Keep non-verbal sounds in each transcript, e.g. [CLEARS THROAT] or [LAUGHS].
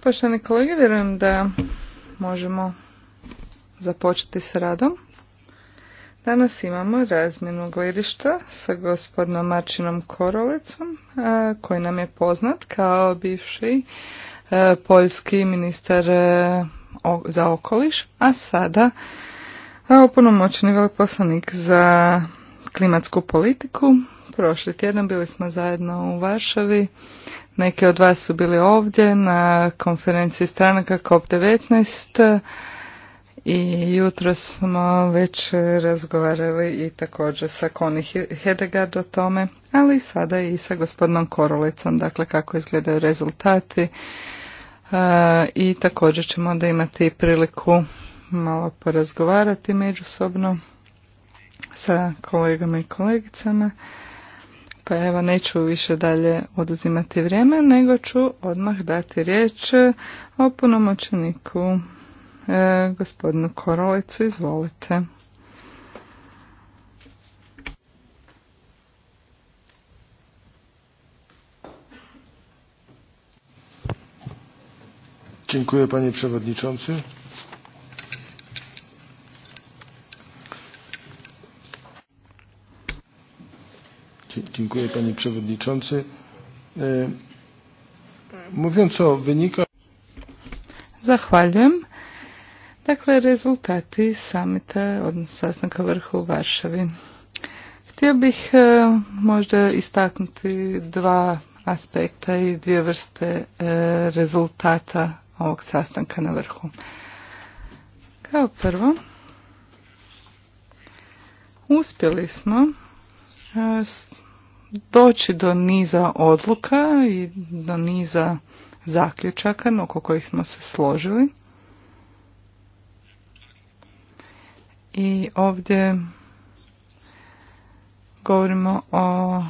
Poštovani kolege, vjerujem da možemo započeti s radom. Danas imamo razmjenu gledišta sa gospodinom Marčinom Korolecom, e, koji nam je poznat kao bivši e, poljski ministar e, za okoliš, a sada oponomoćni veleposlanik za klimatsku politiku Prošli tjedan bili smo zajedno u Varšavi. Neki od vas su bili ovdje na konferenciji stranaka COP19 i jutro smo već razgovarali i također sa Koni Hedegard o tome, ali sada i sa gospodinom Korolicom, dakle kako izgledaju rezultati e, i također ćemo onda imati priliku malo porazgovarati međusobno sa kolegama i kolegicama. Pa evo neću više dalje oduzimati vrijeme, nego ću odmah dati riječ o punomoćeniku e, gospodinu Korolicu. Izvolite. Dziękuję panie przewodniczący. Dziękuję panie przewodniczący. E, mówiąc o wynikach... Zahvaljujem. Dakle, rezultati samita, od sastanka vrhu u Varšavi. Htio bih e, možda istaknuti dva aspekta i dvije vrste e, rezultata ovog sastanka na vrhu. Kao prvo, uspjeli smo doći do niza odluka i do niza zaključaka oko kojih smo se složili. I ovdje govorimo o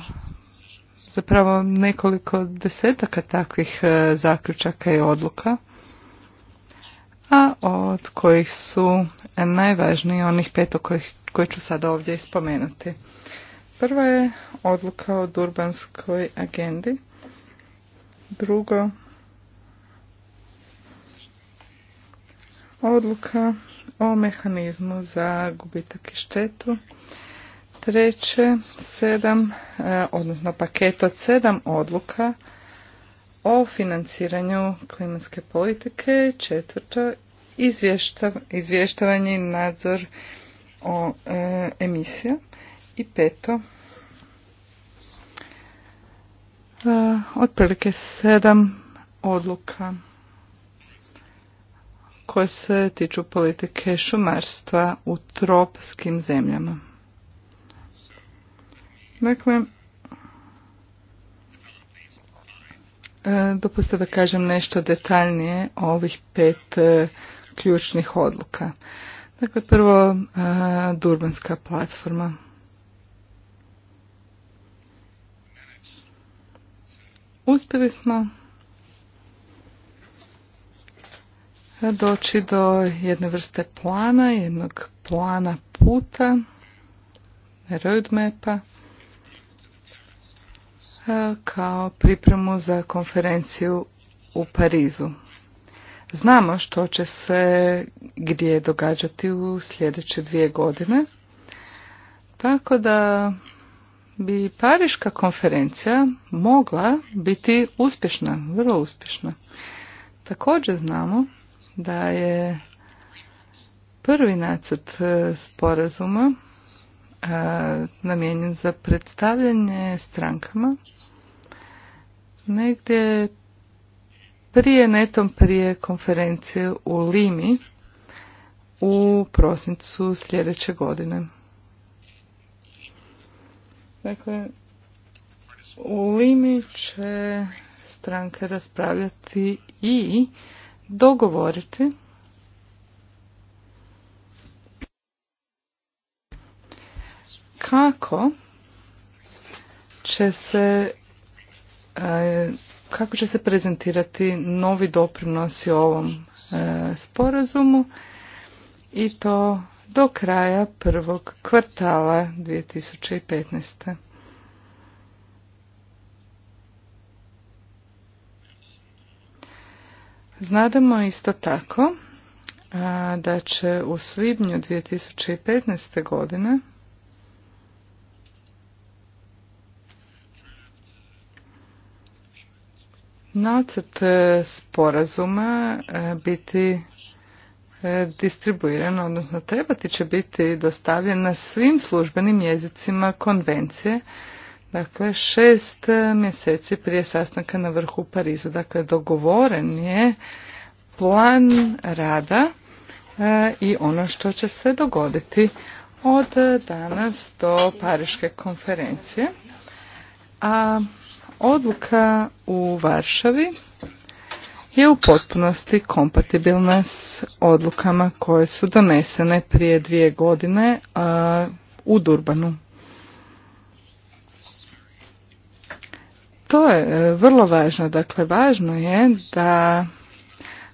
zapravo nekoliko desetaka takvih e, zaključaka i odluka, a od kojih su najvažniji onih pet koje ću sada ovdje spomenuti. Prva je odluka o Durbanskoj agendi. Drugo, odluka o mehanizmu za gubitak i štetu. Treće, sedam, e, odnosno paket od sedam odluka o financiranju klimatske politike. Četvrto, izvještav, izvještavanje i nadzor o e, emisija i peto e, otprilike sedam odluka koje se tiču politike šumarstva u tropskim zemljama. Dakle, e, dopustite da kažem nešto detaljnije o ovih pet e, ključnih odluka. Dakle, prvo Durbanska platforma. Uspjeli smo doći do jedne vrste plana, jednog plana puta, roadmapa, kao pripremu za konferenciju u Parizu. Znamo što će se gdje događati u sljedeće dvije godine, tako da bi Pariška konferencija mogla biti uspješna, vrlo uspješna. Također znamo da je prvi nacrt e, sporazuma e, namijenjen za predstavljanje strankama negdje prije netom prije konferencije u Limi u prosincu sljedeće godine. Dakle, u Limi će stranke raspravljati i dogovoriti kako će se e, kako će se prezentirati novi doprinosi ovom e, sporazumu i to do kraja prvog kvartala 2015. Znademo isto tako da će u svibnju 2015. godine nacrt sporazuma biti E, distribuiran, odnosno trebati će biti dostavljen na svim službenim jezicima konvencije, dakle šest e, mjeseci prije sastanka na vrhu Parizu. Dakle, dogovoren je plan rada e, i ono što će se dogoditi od danas do Pariške konferencije. A odluka u Varšavi je u potpunosti kompatibilna s odlukama koje su donesene prije dvije godine u Durbanu. To je e, vrlo važno. Dakle, važno je da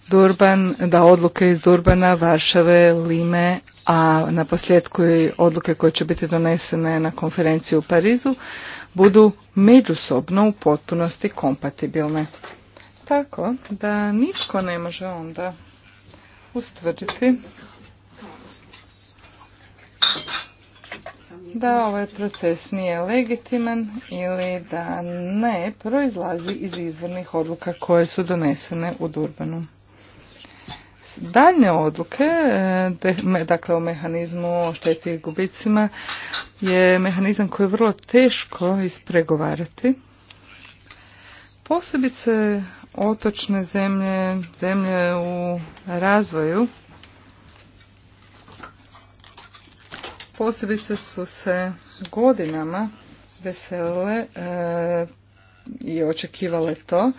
Durban, da odluke iz Durbana, Varšave, Lime, a na posljedku i odluke koje će biti donesene na konferenciji u Parizu, budu međusobno u potpunosti kompatibilne. Tako da nitko ne može onda ustvrditi da ovaj proces nije legitiman ili da ne proizlazi iz izvornih odluka koje su donesene u Durbanu. Daljne odluke, e, dakle o mehanizmu o šteti i gubicima, je mehanizam koji je vrlo teško ispregovarati. Posebice otočne zemlje, zemlje u razvoju. Posebice su se godinama veselile e, i očekivale to,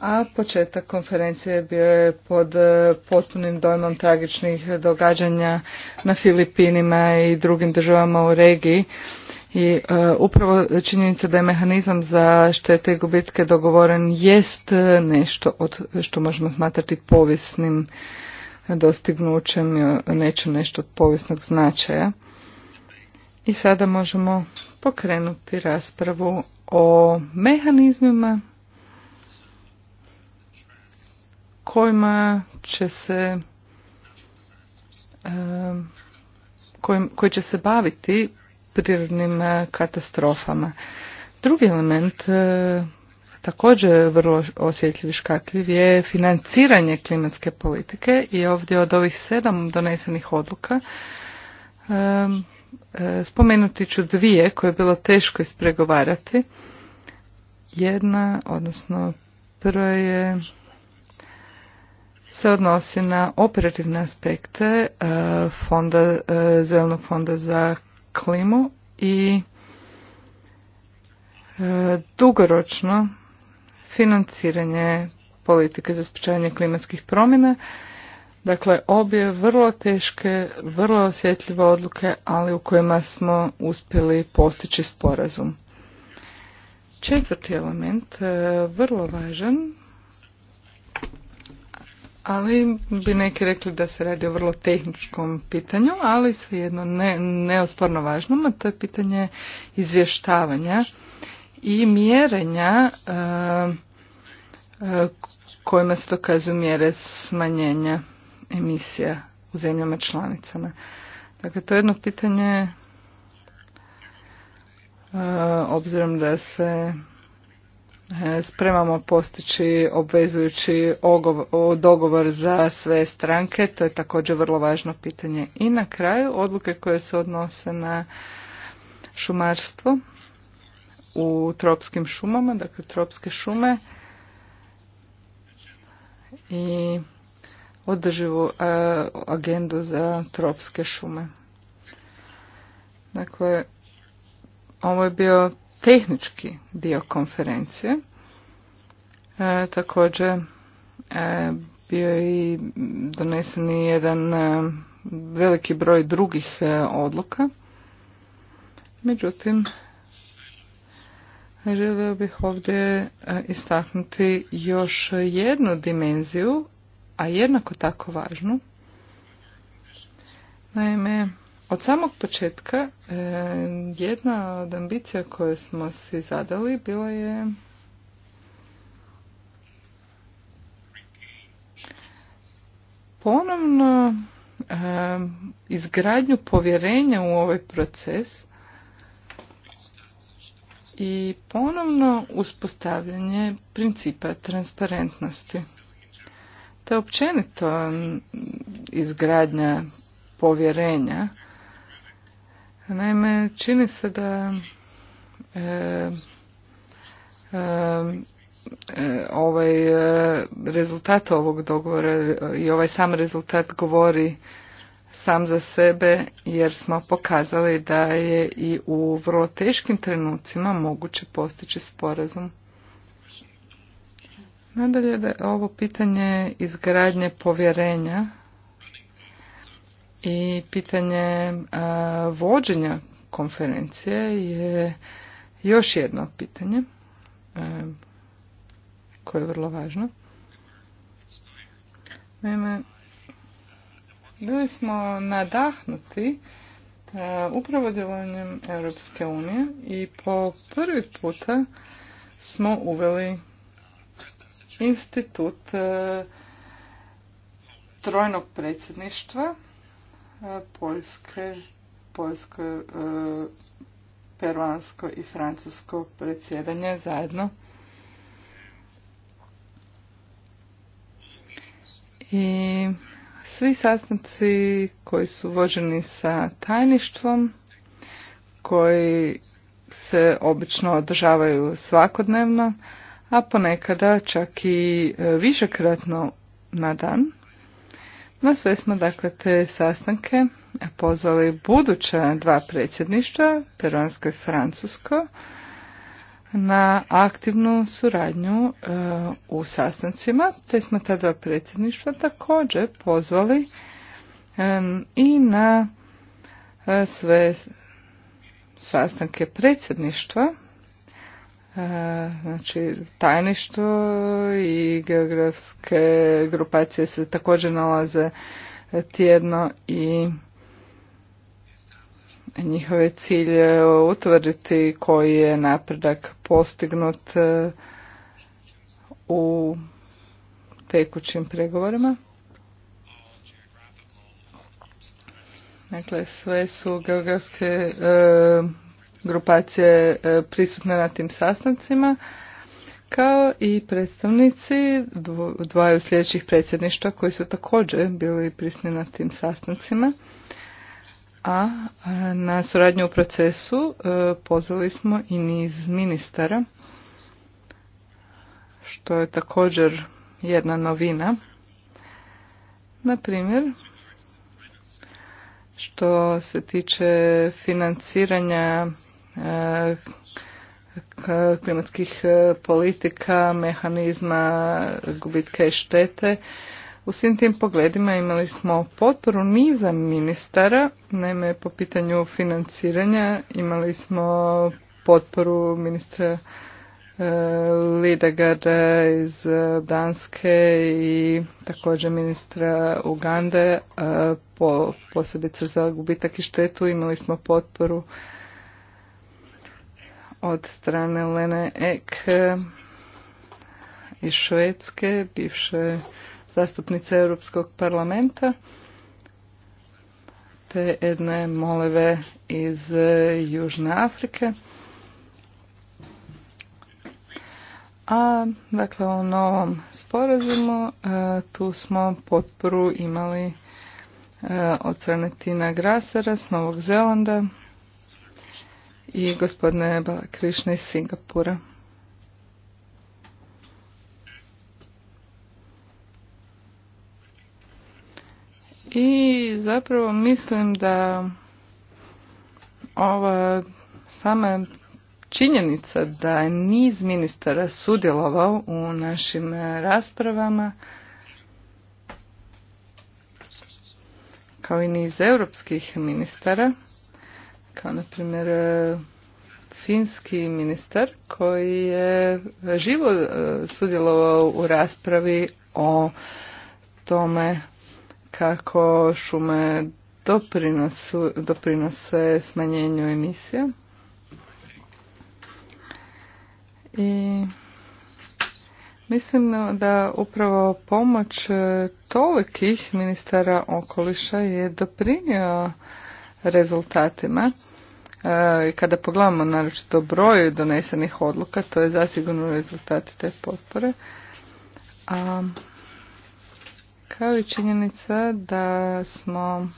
a početak konferencije bio je pod e, potpunim dojmom tragičnih događanja na Filipinima i drugim državama u regiji i e, upravo činjenica da je mehanizam za štete i gubitke dogovoren jest e, nešto od što možemo smatrati povijesnim dostignućem, e, neće nešto od povijesnog značaja. I sada možemo pokrenuti raspravu o mehanizmima kojima će se kojim, koji će se baviti prirodnim e, katastrofama. Drugi element e, također vrlo osjetljiv škakljiv je financiranje klimatske politike i ovdje od ovih sedam donesenih odluka e, spomenuti ću dvije koje je bilo teško ispregovarati. Jedna, odnosno prva je se odnosi na operativne aspekte fonda, zelenog fonda za klimu i e, dugoročno financiranje politike za sprečavanje klimatskih promjena. Dakle, obje vrlo teške, vrlo osjetljive odluke, ali u kojima smo uspjeli postići sporazum. Četvrti element, e, vrlo važan, ali bi neki rekli da se radi o vrlo tehničkom pitanju, ali svejedno ne, neosporno važnom, a to je pitanje izvještavanja i mjerenja e, e, kojima se dokazuju mjere smanjenja emisija u zemljama članicama. Dakle, to je jedno pitanje e, obzirom da se E, spremamo postići obvezujući dogovor za sve stranke, to je također vrlo važno pitanje. I na kraju odluke koje se odnose na šumarstvo u tropskim šumama, dakle tropske šume i održivu e, agendu za tropske šume. Dakle, ovo je bio tehnički dio konferencije. E, također e, bio i donesen jedan e, veliki broj drugih odluka. Međutim, želio bih ovdje istaknuti još jednu dimenziju, a jednako tako važnu. Naime, od samog početka e, jedna od ambicija koje smo si zadali bila je ponovno e, izgradnju povjerenja u ovaj proces i ponovno uspostavljanje principa transparentnosti. Te općenito izgradnja povjerenja Naime, čini se da e, e, e ovaj e, rezultat ovog dogovora i ovaj sam rezultat govori sam za sebe jer smo pokazali da je i u vrlo teškim trenucima moguće postići sporazum. Nadalje da ovo pitanje izgradnje povjerenja i pitanje vođenja konferencije je još jedno pitanje koje je vrlo važno. Naime, bili smo nadahnuti upravo djelovanjem Europske unije i po prvi puta smo uveli institut trojnog predsjedništva Poljske, Poljsko, e, Peruansko i Francusko predsjedanje zajedno. I svi sastanci koji su vođeni sa tajništvom, koji se obično održavaju svakodnevno, a ponekada čak i e, višekratno na dan. Na sve smo dakle te sastanke pozvali buduća dva predsjedništva, Peronsko i Francusko, na aktivnu suradnju e, u sastancima, te smo ta dva predsjedništva također pozvali e, i na e, sve sastanke predsjedništva E, znači tajništvo i geografske grupacije se također nalaze tjedno i njihov je utvrditi koji je napredak postignut e, u tekućim pregovorima. Dakle, sve su geografske e, grupacije e, prisutne na tim sastancima, kao i predstavnici dvaju sljedećih predsjedništva koji su također bili prisni na tim sastancima. A e, na suradnju u procesu e, pozvali smo i niz ministara, što je također jedna novina. Na primjer, što se tiče financiranja klimatskih e, politika, mehanizma gubitke i štete. U svim tim pogledima imali smo potporu niza ministara, naime po pitanju financiranja imali smo potporu ministra e, Lidegarda iz Danske i također ministra Ugande, e, po, posebice za gubitak i štetu imali smo potporu od strane Lene Ek iz Švedske, bivše zastupnice Europskog parlamenta, te jedne moleve iz e, Južne Afrike. A, dakle, o novom sporazumu e, tu smo potporu imali e, od strane Tina Grasera s Novog Zelanda, i gospodine Balakrišna iz Singapura. I zapravo mislim da ova sama činjenica da je niz ministara sudjelovao u našim raspravama kao i niz europskih ministara kao na primjer e, finski ministar koji je živo e, sudjelovao u raspravi o tome kako šume doprinose smanjenju emisija. I mislim da upravo pomoć tolikih ministara okoliša je doprinio rezultatima. E, I kada pogledamo naročito broju donesenih odluka, to je zasigurno rezultat te potpore. A, kao i činjenica da smo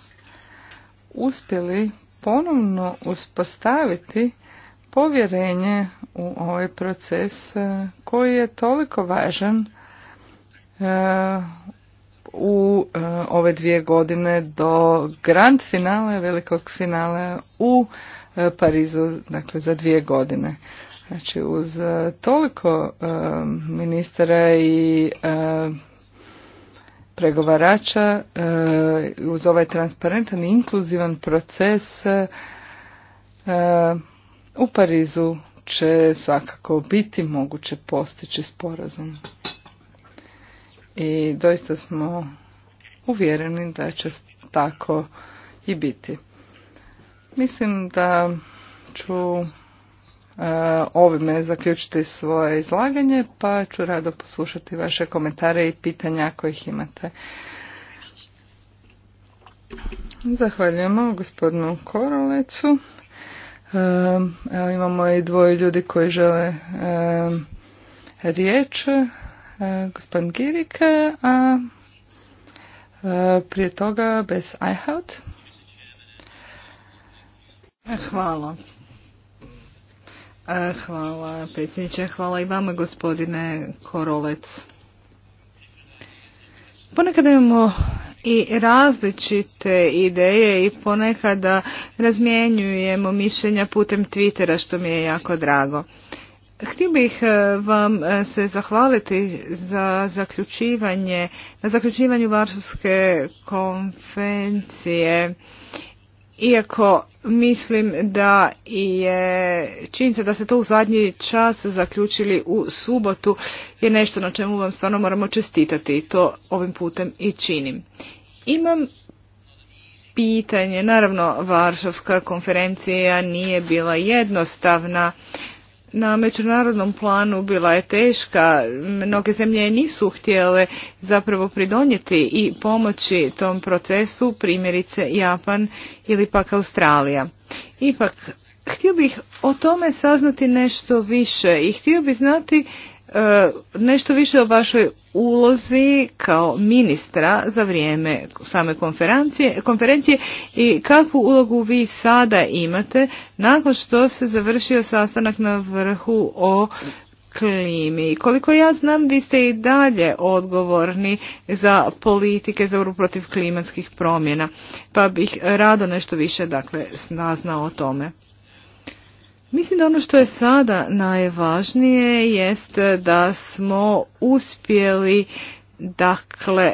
uspjeli ponovno uspostaviti povjerenje u ovaj proces e, koji je toliko važan e, u e, ove dvije godine do grand finale, velikog finale u e, Parizu, dakle za dvije godine. Znači uz e, toliko ministara i pregovarača, uz ovaj transparentan i inkluzivan proces u Parizu će svakako biti moguće postići sporazum i doista smo uvjereni da će tako i biti. Mislim da ću e, ovime zaključiti svoje izlaganje, pa ću rado poslušati vaše komentare i pitanja ih imate. Zahvaljujemo gospodinu Korolecu. E, evo imamo i dvoje ljudi koji žele e, riječ. E, gospodin Girik, e, a e, prije toga bez iHout. Hvala. Hvala predsjedniče, hvala i vama gospodine Korolec. Ponekad imamo i različite ideje i ponekada razmjenjujemo mišljenja putem Twittera što mi je jako drago. Htio bih e, vam e, se zahvaliti za zaključivanje, na zaključivanju Varšavske konvencije. Iako mislim da je činjenica da se to u zadnji čas zaključili u subotu je nešto na čemu vam stvarno moramo čestitati i to ovim putem i činim. Imam pitanje, naravno Varšavska konferencija nije bila jednostavna na međunarodnom planu bila je teška. Mnoge zemlje nisu htjele zapravo pridonijeti i pomoći tom procesu, primjerice Japan ili pak Australija. Ipak, htio bih o tome saznati nešto više i htio bih znati E, nešto više o vašoj ulozi kao ministra za vrijeme same konferencije, i kakvu ulogu vi sada imate nakon što se završio sastanak na vrhu o klimi. Koliko ja znam, vi ste i dalje odgovorni za politike za borbu protiv klimatskih promjena, pa bih rado nešto više dakle, naznao o tome. Mislim da ono što je sada najvažnije jest da smo uspjeli dakle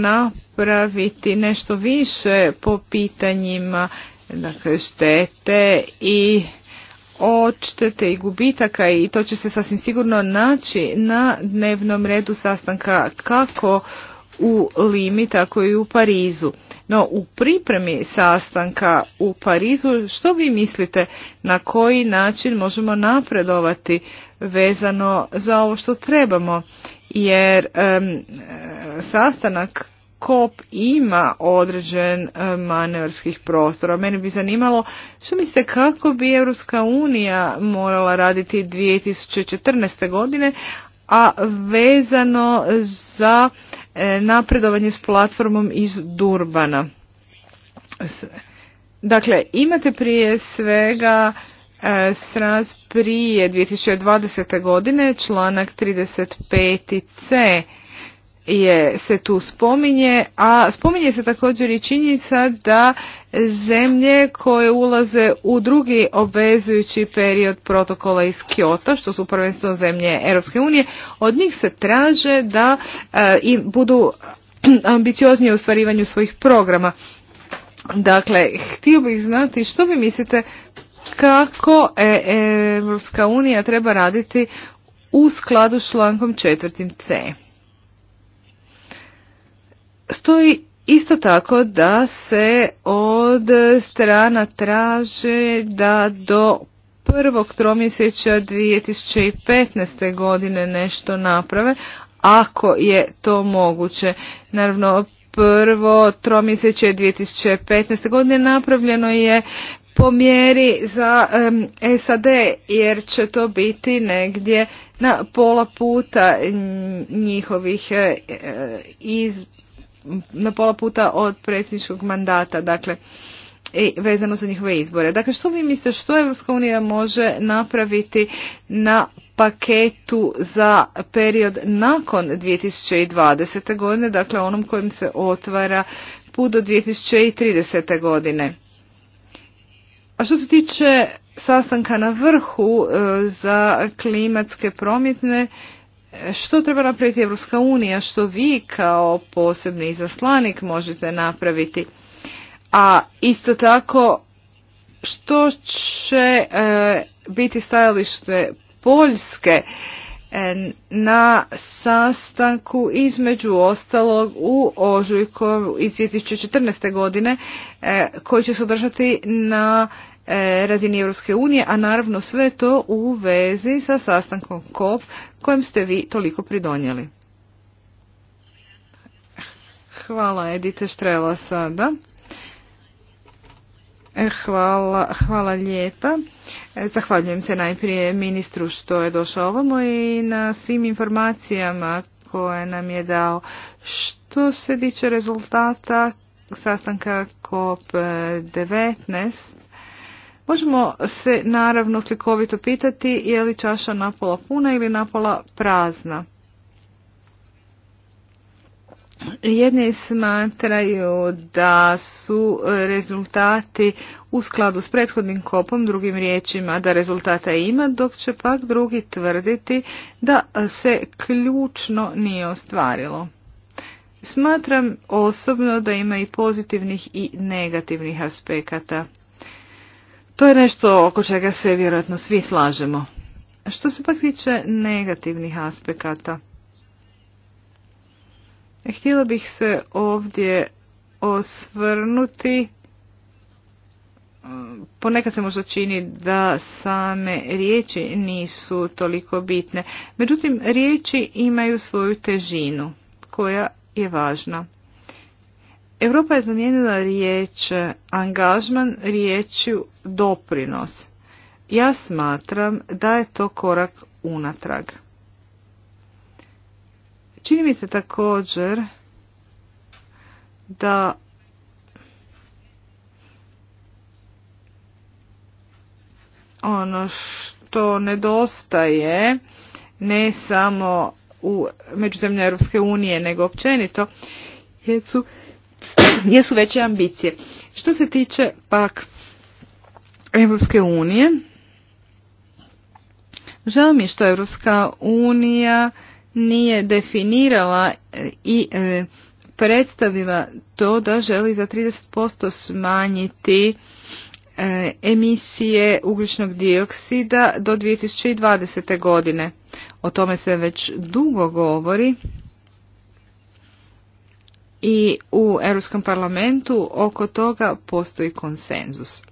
napraviti nešto više po pitanjima dakle, štete i odštete i gubitaka i to će se sasvim sigurno naći na dnevnom redu sastanka kako u Limi, tako i u Parizu. No, u pripremi sastanka u Parizu, što vi mislite na koji način možemo napredovati vezano za ovo što trebamo? Jer sastanak COP ima određen manevrskih manevarskih prostora. Mene bi zanimalo što mislite kako bi Europska unija morala raditi 2014. godine, a vezano za E, napredovanje s platformom iz Durbana. Dakle, imate prije svega e, sraz prije 2020. godine članak 35c je, se tu spominje, a spominje se također i činjenica da zemlje koje ulaze u drugi obvezujući period protokola iz Kyoto, što su prvenstveno zemlje Europske unije, od njih se traže da eh, i budu [CLEARS THROAT] ambicioznije u stvarivanju svojih programa. Dakle, htio bih znati što vi mislite kako Europska e, unija treba raditi u skladu s člankom četvrtim C stoji isto tako da se od strana traže da do prvog tromjesečja 2015. godine nešto naprave, ako je to moguće. Naravno, prvo tromjeseće 2015. godine napravljeno je po mjeri za um, SAD jer će to biti negdje na pola puta njihovih e, e, iz na pola puta od predsjedničkog mandata, dakle, i vezano za njihove izbore. Dakle, što vi mislite, što Evropska unija može napraviti na paketu za period nakon 2020. godine, dakle onom kojim se otvara put do 2030. godine? A što se tiče sastanka na vrhu e, za klimatske promjetne, što treba napraviti Evropska unija, što vi kao posebni izaslanik možete napraviti? A isto tako, što će e, biti stajalište Poljske e, na sastanku između ostalog u Ožujku iz 2014. godine e, koji će se održati na E, razini Europske unije, a naravno sve to u vezi sa sastankom COP kojem ste vi toliko pridonijeli. Hvala Edite Štrela sada. E, hvala, hvala lijepa. E, zahvaljujem se najprije ministru što je došao ovamo i na svim informacijama koje nam je dao. Što se tiče rezultata sastanka COP19, Možemo se naravno slikovito pitati je li čaša napola puna ili napola prazna. Jedni smatraju da su rezultati u skladu s prethodnim kopom, drugim riječima da rezultata ima, dok će pak drugi tvrditi da se ključno nije ostvarilo. Smatram osobno da ima i pozitivnih i negativnih aspekata. To je nešto oko čega se vjerojatno svi slažemo. Što se pak tiče negativnih aspekata, htjela bih se ovdje osvrnuti ponekad se možda čini da same riječi nisu toliko bitne. Međutim, riječi imaju svoju težinu koja je važna. Europa je zamijenila riječ e, angažman riječju doprinos. Ja smatram da je to korak unatrag. Čini mi se također da ono što nedostaje ne samo u međuzemlje Europske unije nego općenito su jesu veće ambicije. Što se tiče pak Europske unije, žao mi što Europska unija nije definirala i e, predstavila to da želi za 30% smanjiti e, emisije ugljičnog dioksida do 2020. godine. O tome se već dugo govori i u Europskom parlamentu oko toga postoji konsenzus.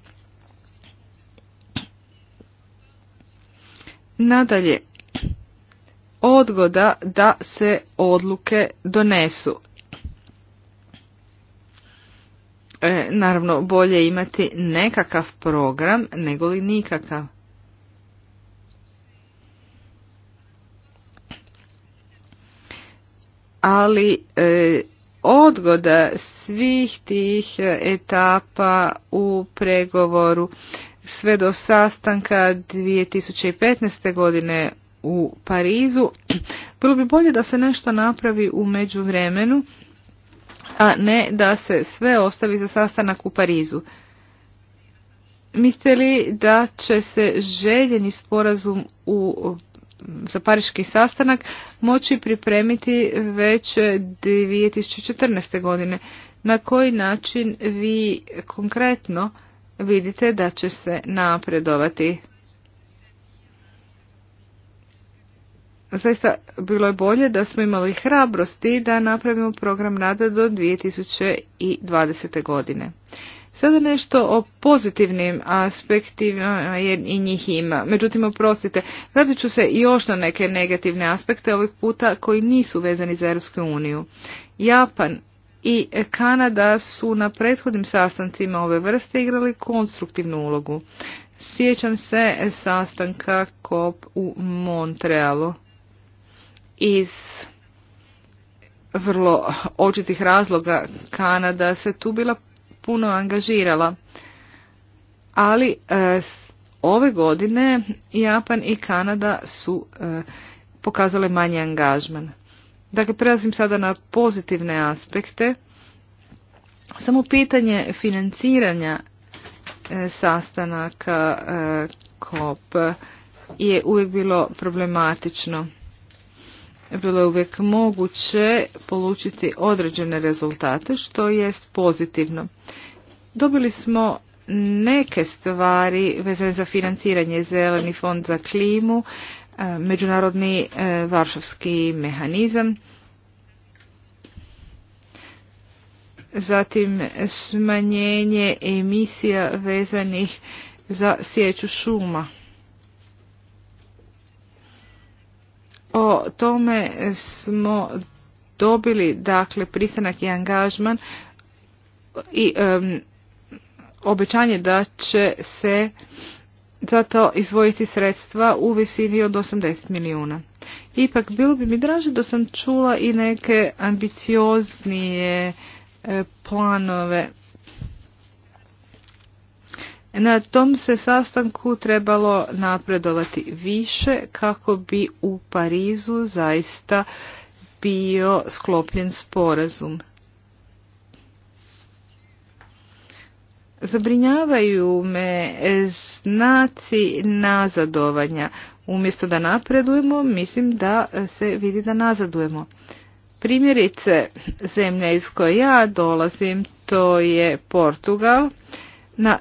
Nadalje, odgoda da se odluke donesu. E, naravno, bolje imati nekakav program nego li nikakav. Ali e, odgoda svih tih etapa u pregovoru sve do sastanka 2015. godine u Parizu. Bilo bi bolje da se nešto napravi u međuvremenu, a ne da se sve ostavi za sastanak u Parizu. Mislite li da će se željeni sporazum u za pariški sastanak moći pripremiti već 2014. godine. Na koji način vi konkretno vidite da će se napredovati? Zaista bilo je bolje da smo imali hrabrosti da napravimo program rada do 2020. godine. Sada nešto o pozitivnim aspektima, jer i njih ima. Međutim, oprostite, vratit ću se još na neke negativne aspekte ovih puta koji nisu vezani za Europsku uniju. Japan i Kanada su na prethodnim sastancima ove vrste igrali konstruktivnu ulogu. Sjećam se sastanka COP u Montrealu iz vrlo očitih razloga Kanada se tu bila puno angažirala. Ali e, ove godine Japan i Kanada su e, pokazale manji angažman. Dakle, prelazim sada na pozitivne aspekte. Samo pitanje financiranja e, sastanaka KOP je uvijek bilo problematično bilo je uvijek moguće polučiti određene rezultate, što jest pozitivno. Dobili smo neke stvari vezane za financiranje Zeleni fond za klimu, e, međunarodni e, varšavski mehanizam, zatim smanjenje emisija vezanih za sjeću šuma. O tome smo dobili dakle pristanak i angažman i um, obećanje da će se za to izvojiti sredstva u visini od 80 milijuna. Ipak bilo bi mi draže da sam čula i neke ambicioznije e, planove na tom se sastanku trebalo napredovati više kako bi u Parizu zaista bio sklopljen sporazum. Zabrinjavaju me znaci nazadovanja. Umjesto da napredujemo, mislim da se vidi da nazadujemo. Primjerice, zemlja iz koje ja dolazim, to je Portugal. Na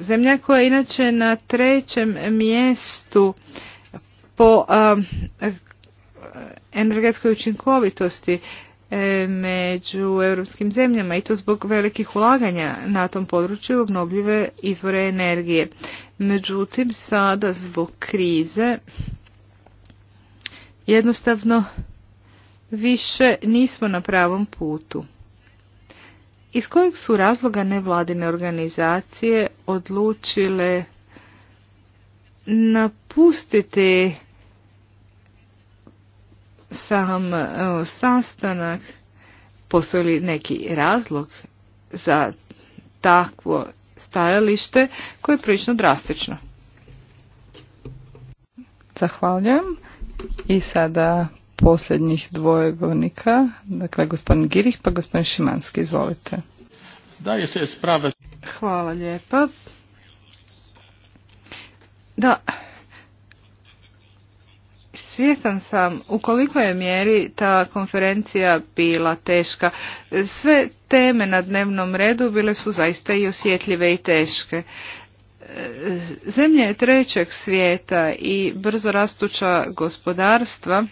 zemlja koja je inače na trećem mjestu po um, energetskoj učinkovitosti e, među europskim zemljama i to zbog velikih ulaganja na tom području obnovljive izvore energije. Međutim, sada zbog krize jednostavno više nismo na pravom putu. Iz kojeg su razloga nevladine organizacije odlučile napustiti sam evo, sastanak? Postoji neki razlog za takvo stajalište koje je prilično drastično? Zahvaljujem. I sada posljednjih dvoje govornika, dakle gospodin Girih pa gospodin Šimanski, izvolite. Zdaje se Hvala lijepa. Da, svjestan sam u koliko je mjeri ta konferencija bila teška. Sve teme na dnevnom redu bile su zaista i osjetljive i teške. Zemlje trećeg svijeta i brzo rastuća gospodarstva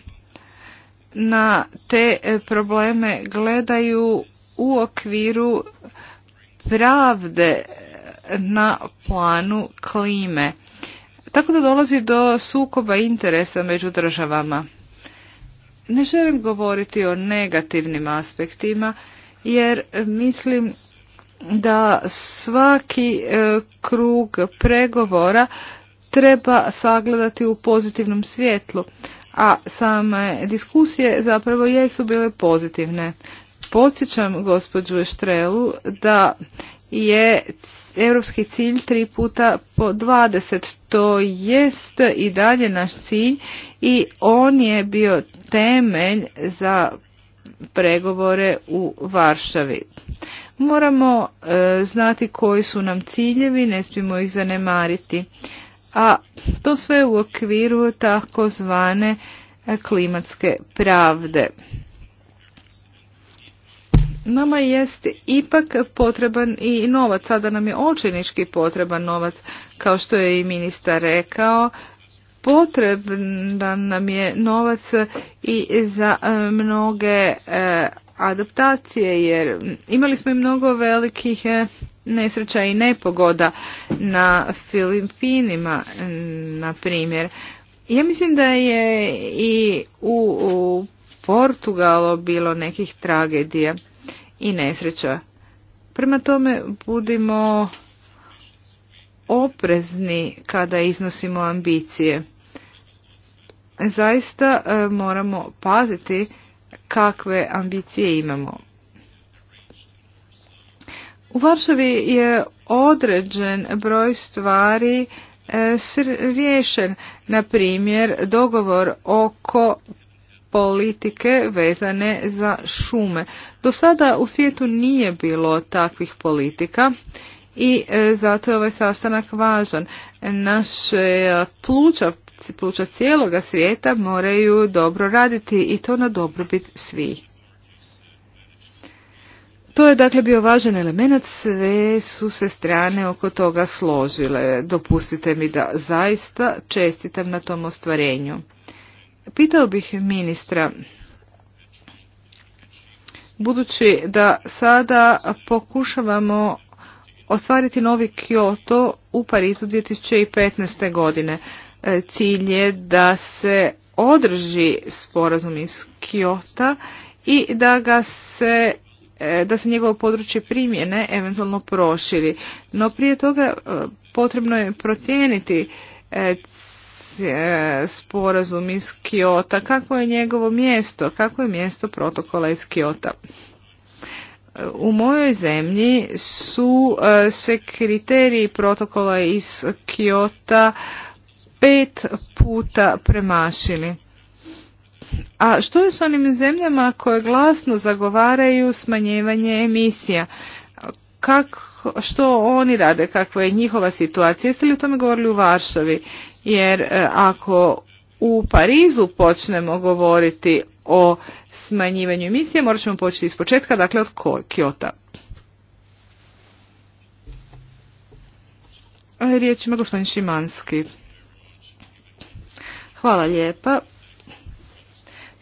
na te e, probleme gledaju u okviru pravde e, na planu klime. Tako da dolazi do sukoba interesa među državama. Ne želim govoriti o negativnim aspektima jer mislim da svaki e, krug pregovora treba sagledati u pozitivnom svjetlu a same diskusije zapravo jesu bile pozitivne. Podsjećam gospođu Štrelu da je europski cilj tri puta po 20. To jest i dalje naš cilj i on je bio temelj za pregovore u Varšavi. Moramo e, znati koji su nam ciljevi, ne smijemo ih zanemariti a to sve u okviru takozvane klimatske pravde. Nama jest ipak potreban i novac, sada nam je očinički potreban novac, kao što je i ministar rekao, potreban nam je novac i za mnoge e, adaptacije jer imali smo i mnogo velikih eh, nesreća i nepogoda na Filipinima na primjer. Ja mislim da je i u, u Portugalu bilo nekih tragedija i nesreća. Prema tome budimo oprezni kada iznosimo ambicije. Zaista eh, moramo paziti kakve ambicije imamo. U Varšavi je određen broj stvari e, riješen, na primjer dogovor oko politike vezane za šume. Do sada u svijetu nije bilo takvih politika i e, zato je ovaj sastanak važan naše pluća, pluća cijeloga svijeta moraju dobro raditi i to na dobrobit svih. To je dakle bio važan element, sve su se strane oko toga složile. Dopustite mi da zaista čestitam na tom ostvarenju. Pitao bih ministra, budući da sada pokušavamo ostvariti novi Kyoto u Parizu 2015. godine. E, cilj je da se održi sporazum iz Kyoto i da ga se e, da se njegovo područje primjene eventualno proširi. No prije toga e, potrebno je procijeniti sporazum iz Kiota, kako je njegovo mjesto, kako je mjesto protokola iz Kiota. U mojoj zemlji su e, se kriteriji protokola iz Kiota pet puta premašili. A što je s onim zemljama koje glasno zagovaraju smanjevanje emisija? Kako, što oni rade, kakva je njihova situacija? Jeste li o tome govorili u Varšavi? Jer e, ako u Parizu počnemo govoriti o smanjivanju emisije, morat ćemo početi iz početka, dakle od Kiota. Riječ ima gospodin Šimanski. Hvala lijepa.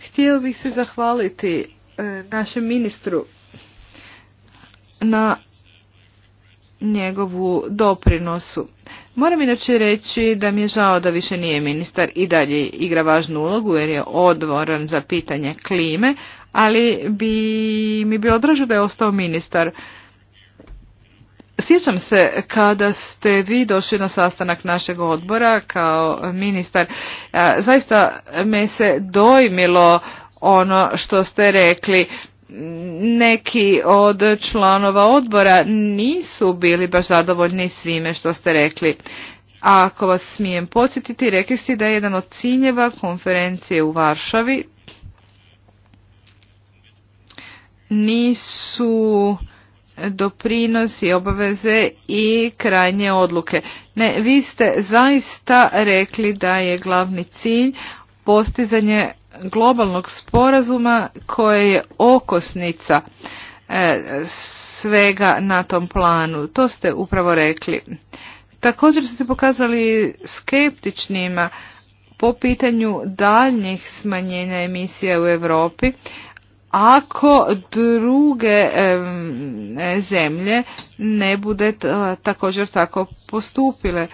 Htio bih se zahvaliti e, našem ministru na njegovu doprinosu. Moram inače reći da mi je žao da više nije ministar i dalje igra važnu ulogu jer je odvoran za pitanje klime, ali bi mi bi odražio da je ostao ministar. Sjećam se kada ste vi došli na sastanak našeg odbora kao ministar, zaista me se dojmilo ono što ste rekli neki od članova odbora nisu bili baš zadovoljni svime što ste rekli. A ako vas smijem podsjetiti, rekli ste da je jedan od ciljeva konferencije u Varšavi nisu doprinosi, obaveze i krajnje odluke. Ne, vi ste zaista rekli da je glavni cilj postizanje globalnog sporazuma koje je okosnica e, svega na tom planu. To ste upravo rekli. Također ste pokazali skeptičnima po pitanju daljnjih smanjenja emisija u Europi ako druge zemlje ne bude također tako postupile.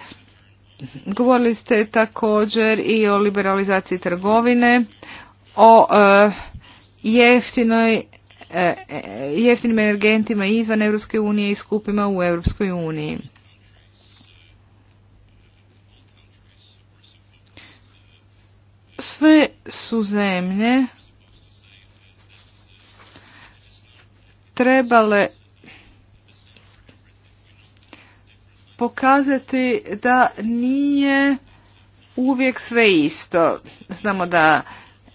Govorili ste također i o liberalizaciji trgovine o e, jeftinoj e, e, jeftinim energentima izvan Europske unije i skupima u Europskoj uniji. Sve su zemlje trebale pokazati da nije uvijek sve isto. Znamo da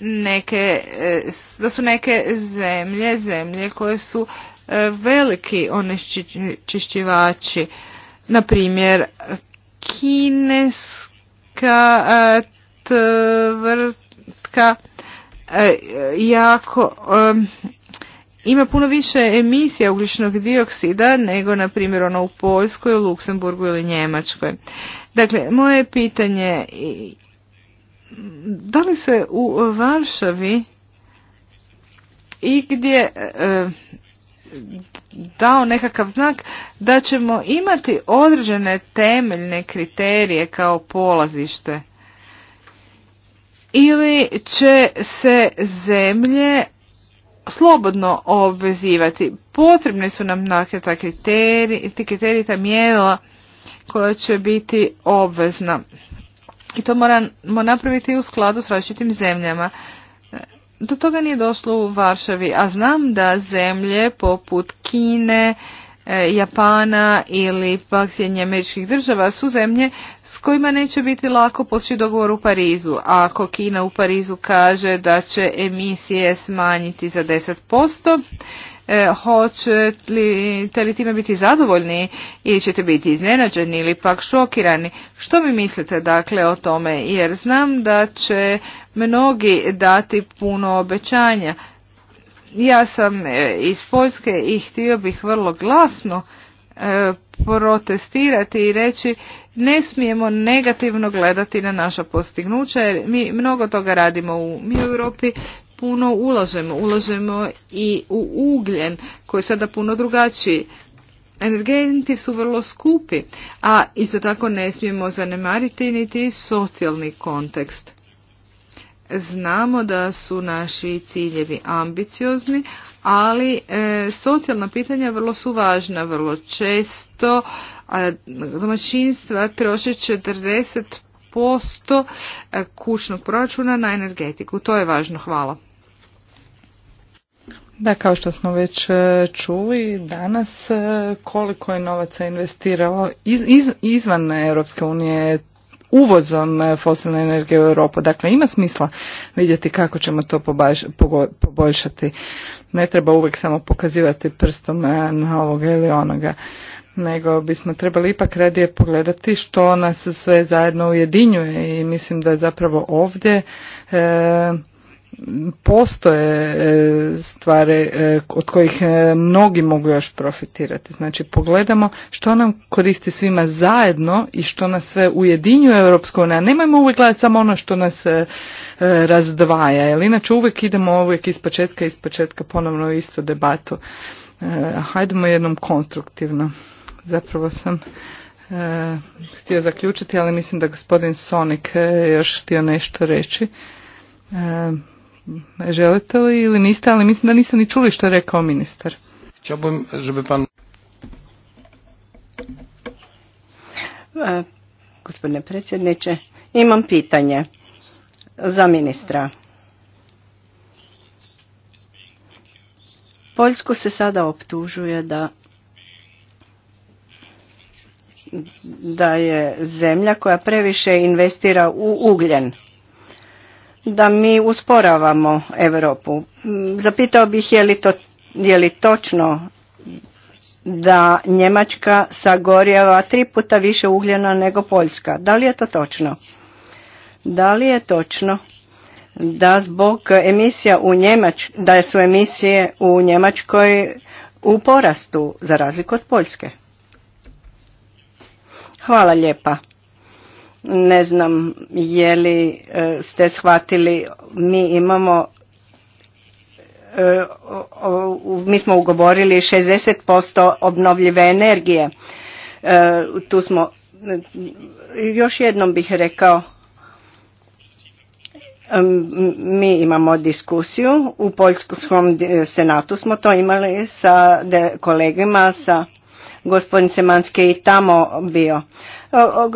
neke, e, da su neke zemlje, zemlje koje su e, veliki onečišćivači, na primjer kineska e, tvrtka jako ima puno više emisija ugljičnog dioksida nego na primjer ono u Poljskoj, Luksemburgu ili Njemačkoj. Dakle, moje pitanje da li se u Varšavi i gdje e, dao nekakav znak da ćemo imati određene temeljne kriterije kao polazište ili će se zemlje slobodno obvezivati. Potrebne su nam dakle ta ti kriteriji, ta mjerila koja će biti obvezna. I to moramo napraviti u skladu s različitim zemljama. E, do toga nije došlo u Varšavi, a znam da zemlje poput Kine, e, Japana ili pak Sjedinje američkih država su zemlje s kojima neće biti lako postići dogovor u Parizu. A ako Kina u Parizu kaže da će emisije smanjiti za 10%, E, hoćete li, te li time biti zadovoljni ili ćete biti iznenađeni ili pak šokirani. Što mi mislite dakle o tome? Jer znam da će mnogi dati puno obećanja. Ja sam e, iz Poljske i htio bih vrlo glasno e, protestirati i reći ne smijemo negativno gledati na naša postignuća jer mi mnogo toga radimo u, mi u Europi puno ulažemo. Ulažemo i u ugljen koji je sada puno drugačiji. Energenti su vrlo skupi, a isto tako ne smijemo zanemariti niti socijalni kontekst. Znamo da su naši ciljevi ambiciozni, ali e, socijalna pitanja vrlo su važna, vrlo često domaćinstva troše 40% e, kućnog proračuna na energetiku. To je važno, hvala. Da, kao što smo već e, čuli danas, e, koliko je novaca investiralo izvan Europske unije uvozom e, fosilne energije u Europu. Dakle, ima smisla vidjeti kako ćemo to poboljšati. Ne treba uvijek samo pokazivati prstom na ovoga ili onoga, nego bismo trebali ipak radije pogledati što nas sve zajedno ujedinjuje i mislim da je zapravo ovdje postoje e, stvari e, od kojih e, mnogi mogu još profitirati. Znači pogledamo što nam koristi svima zajedno i što nas sve ujedinjuje EU, a Nemojmo uvijek gledati samo ono što nas razdvaja, jer inače uvijek idemo uvijek iz početka, iz početka ponovno u istu debatu. Hajdemo jednom konstruktivno. Zapravo sam htio zaključiti, ali mislim da gospodin Sonik još htio nešto reći želite li ili niste, ali mislim da niste ni čuli što je rekao ministar. E, gospodine predsjedniče, imam pitanje za ministra. Poljsku se sada optužuje da da je zemlja koja previše investira u ugljen da mi usporavamo Europu. Zapitao bih je li, to, je li točno da Njemačka sagorjeva tri puta više ugljena nego Poljska. Da li je to točno? Da li je točno da zbog emisija u Njemač, da su emisije u Njemačkoj u porastu za razliku od Poljske? Hvala lijepa. Ne znam je li e, ste shvatili, mi imamo e, mi smo ugovorili 60% obnovljive energije. E, tu smo, još jednom bih rekao, mi imamo diskusiju, u Poljskom senatu smo to imali sa kolegima, sa gospodin Semanski i tamo bio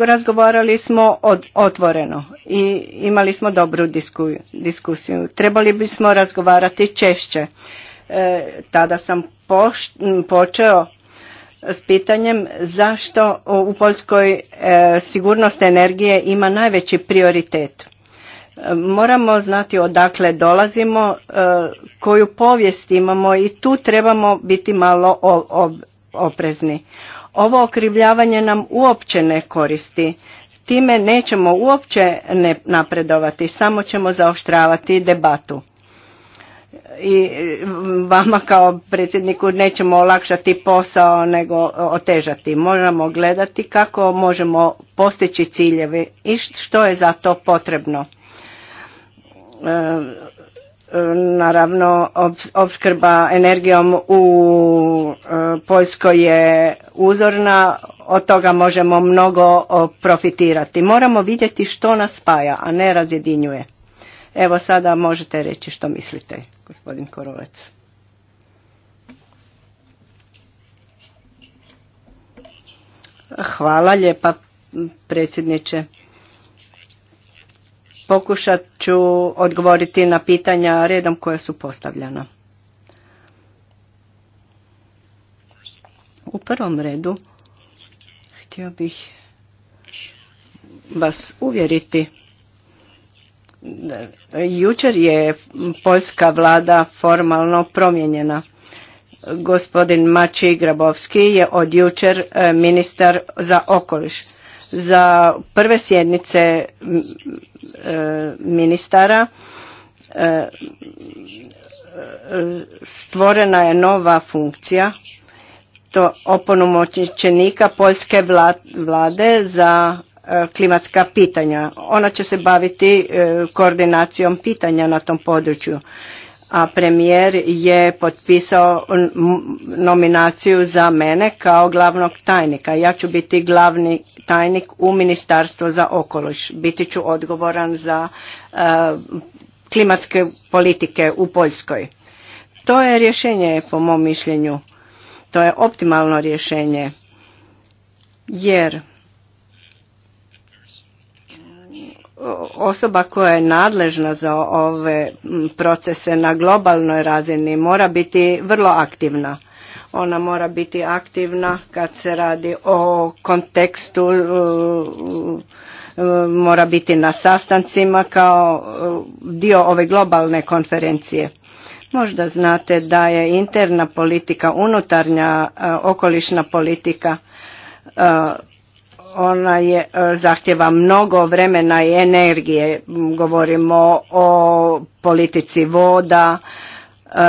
razgovarali smo od, otvoreno i imali smo dobru diskusiju. Trebali bismo razgovarati češće. E, tada sam počeo s pitanjem zašto u Poljskoj e, sigurnost energije ima najveći prioritet. E, moramo znati odakle dolazimo, e, koju povijest imamo i tu trebamo biti malo oprezni. Ovo okrivljavanje nam uopće ne koristi. Time nećemo uopće ne napredovati, samo ćemo zaoštravati debatu. I e, vama kao predsjedniku nećemo olakšati posao nego otežati. Moramo gledati kako možemo postići ciljevi i što je za to potrebno e, Naravno, opskrba energijom u e, Poljskoj je uzorna, od toga možemo mnogo profitirati. Moramo vidjeti što nas spaja, a ne razjedinjuje. Evo sada možete reći što mislite, gospodin Korovec. Hvala lijepa predsjedniče. Pokušat ću odgovoriti na pitanja redom koja su postavljena. U prvom redu htio bih vas uvjeriti. Jučer je poljska vlada formalno promijenjena. Gospodin Mači Grabovski je od jučer e, ministar za okoliš za prve sjednice e, ministara e, stvorena je nova funkcija to oponomoćenika poljske vlade za e, klimatska pitanja. Ona će se baviti koordinacijom pitanja na tom području a premijer je potpisao nominaciju za mene kao glavnog tajnika. Ja ću biti glavni tajnik u Ministarstvu za okoliš. Biti ću odgovoran za e, klimatske politike u Poljskoj. To je rješenje po mom mišljenju. To je optimalno rješenje jer osoba koja je nadležna za ove procese na globalnoj razini mora biti vrlo aktivna. Ona mora biti aktivna kad se radi o kontekstu, mora biti na sastancima kao dio ove globalne konferencije. Možda znate da je interna politika, unutarnja e, okolišna politika e, ona je, e, zahtjeva mnogo vremena i energije. Govorimo o politici voda, e,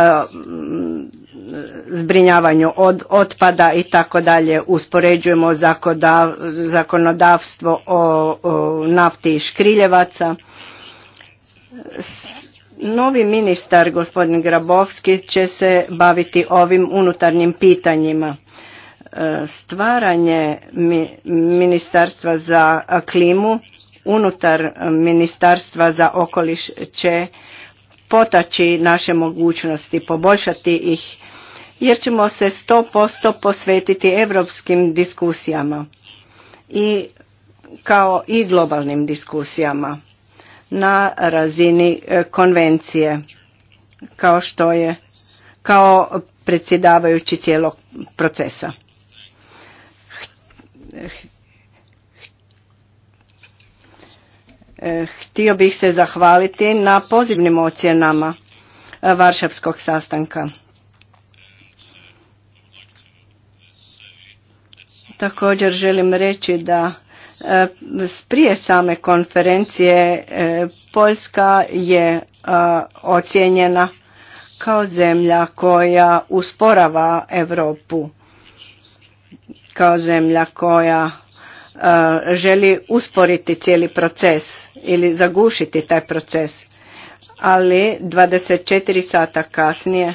zbrinjavanju od otpada i tako dalje. Uspoređujemo zakonodavstvo o, o nafti i škriljevaca. Novi ministar, gospodin Grabovski, će se baviti ovim unutarnjim pitanjima. Stvaranje ministarstva za klimu unutar ministarstva za okoliš će potaći naše mogućnosti, poboljšati ih, jer ćemo se posto posvetiti evropskim diskusijama i kao i globalnim diskusijama na razini e, konvencije, kao što je, kao predsjedavajući cijelog procesa. Htio bih se zahvaliti na pozivnim ocjenama Varšavskog sastanka. Također želim reći da e, prije same konferencije e, Poljska je e, ocjenjena kao zemlja koja usporava Europu kao zemlja koja e, želi usporiti cijeli proces ili zagušiti taj proces. Ali 24 sata kasnije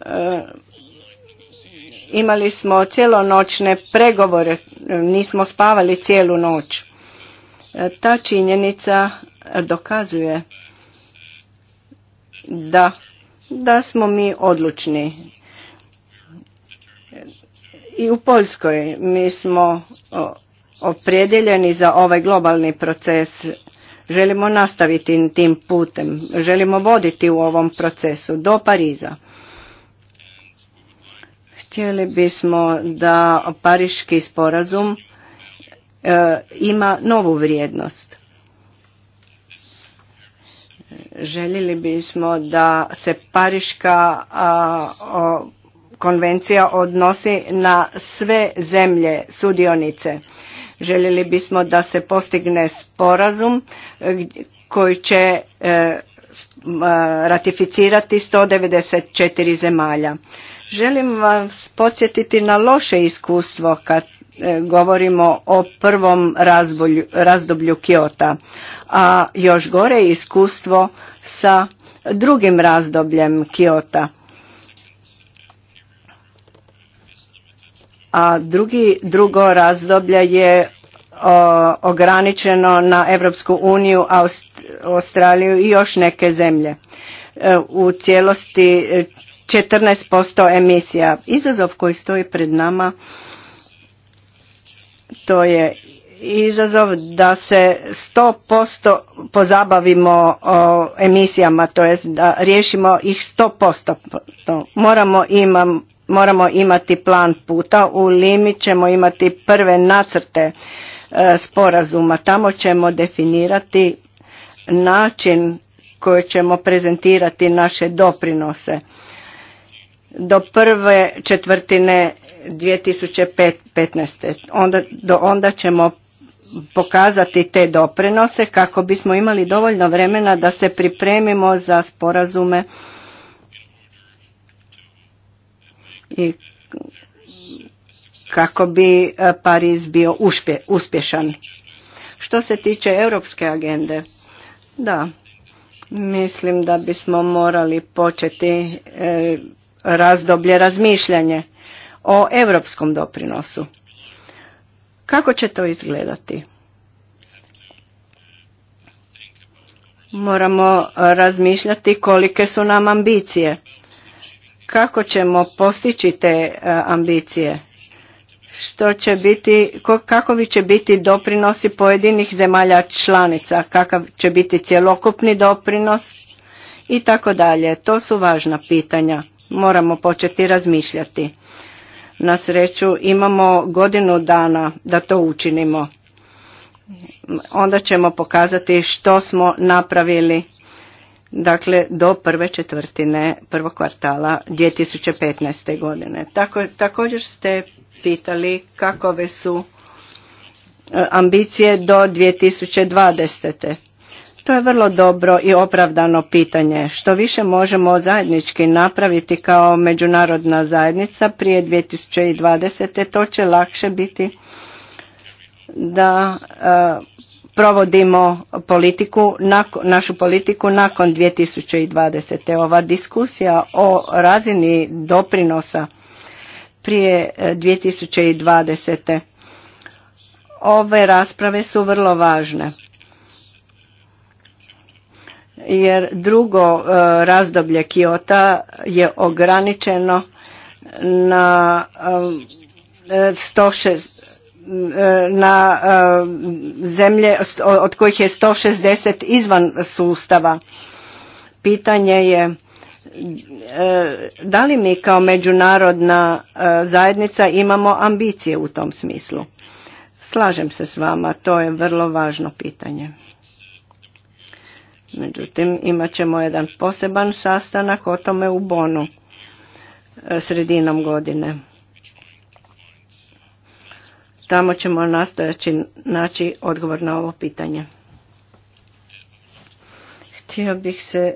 e, imali smo cijelonoćne pregovore, nismo spavali cijelu noć. E, ta činjenica dokazuje da, da smo mi odlučni i u Poljskoj mi smo opredjeljeni za ovaj globalni proces. Želimo nastaviti tim putem, želimo voditi u ovom procesu do Pariza. Htjeli bismo da Pariški sporazum e, ima novu vrijednost. Željeli bismo da se Pariška o, konvencija odnosi na sve zemlje sudionice. Željeli bismo da se postigne sporazum eh, koji će eh, eh, ratificirati 194 zemalja. Želim vas podsjetiti na loše iskustvo kad govorimo o prvom razdoblju Kiota, a još gore iskustvo sa drugim razdobljem Kiota. a drugi, drugo razdoblje je ograničeno na Europsku uniju, Australiju i još neke zemlje. E, u cijelosti 14% e, emisija. Izazov koji stoji pred nama to je izazov da se 100% pozabavimo o emisijama, to jest da riješimo ih 100%. Moramo imam, moramo imati plan puta, u Limi ćemo imati prve nacrte e, sporazuma. Tamo ćemo definirati način koji ćemo prezentirati naše doprinose. Do prve četvrtine 2015. Onda, do onda ćemo pokazati te doprinose kako bismo imali dovoljno vremena da se pripremimo za sporazume i kako bi e, Pariz bio uspješan. Što se tiče europske agende, da, mislim da bismo morali početi e, razdoblje razmišljanje o europskom doprinosu. Kako će to izgledati? Moramo razmišljati kolike su nam ambicije kako ćemo postići te e, ambicije? Što će biti, kako će biti doprinosi pojedinih zemalja članica, kakav će biti cjelokupni doprinos i tako dalje. To su važna pitanja. Moramo početi razmišljati. Na sreću imamo godinu dana da to učinimo. Onda ćemo pokazati što smo napravili dakle do prve četvrtine prvog kvartala 2015. godine. Tako, također ste pitali kakove su e, ambicije do 2020. To je vrlo dobro i opravdano pitanje. Što više možemo zajednički napraviti kao međunarodna zajednica prije 2020. to će lakše biti da e, provodimo politiku, našu politiku nakon 2020. Ova diskusija o razini doprinosa prije 2020. E, Ove rasprave su vrlo važne. Jer drugo e, razdoblje Kijota je ograničeno na 106 e, na e, zemlje od kojih je 160 izvan sustava. Pitanje je e, da li mi kao međunarodna e, zajednica imamo ambicije u tom smislu? Slažem se s vama, to je vrlo važno pitanje. Međutim, imat ćemo jedan poseban sastanak o tome u Bonu sredinom godine. Tamo ćemo nastojaći naći odgovor na ovo pitanje. Htio bih se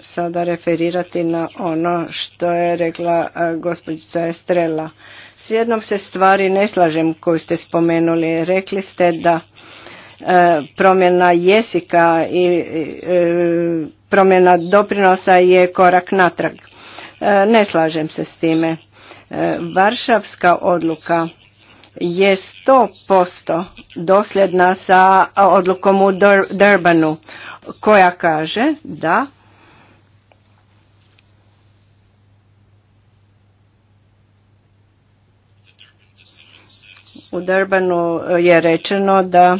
sada referirati na ono što je rekla gospođica Estrela. S jednom se stvari ne slažem koju ste spomenuli. Rekli ste da e, promjena jesika i e, promjena doprinosa je korak natrag. E, ne slažem se s time. Varšavska odluka je posto dosljedna sa odlukom u Durbanu koja kaže da u Durbanu je rečeno da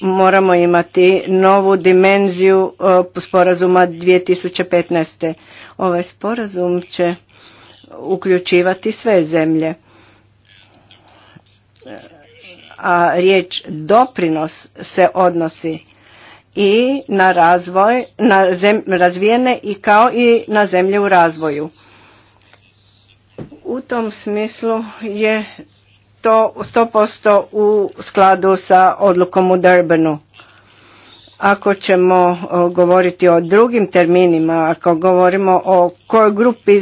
moramo imati novu dimenziju e, sporazuma 2015. Ovaj sporazum će uključivati sve zemlje a riječ doprinos se odnosi i na razvoj, na razvijene i kao i na zemlje u razvoju. U tom smislu je to 100% u skladu sa odlukom u Durbanu. Ako ćemo govoriti o drugim terminima, ako govorimo o kojoj grupi,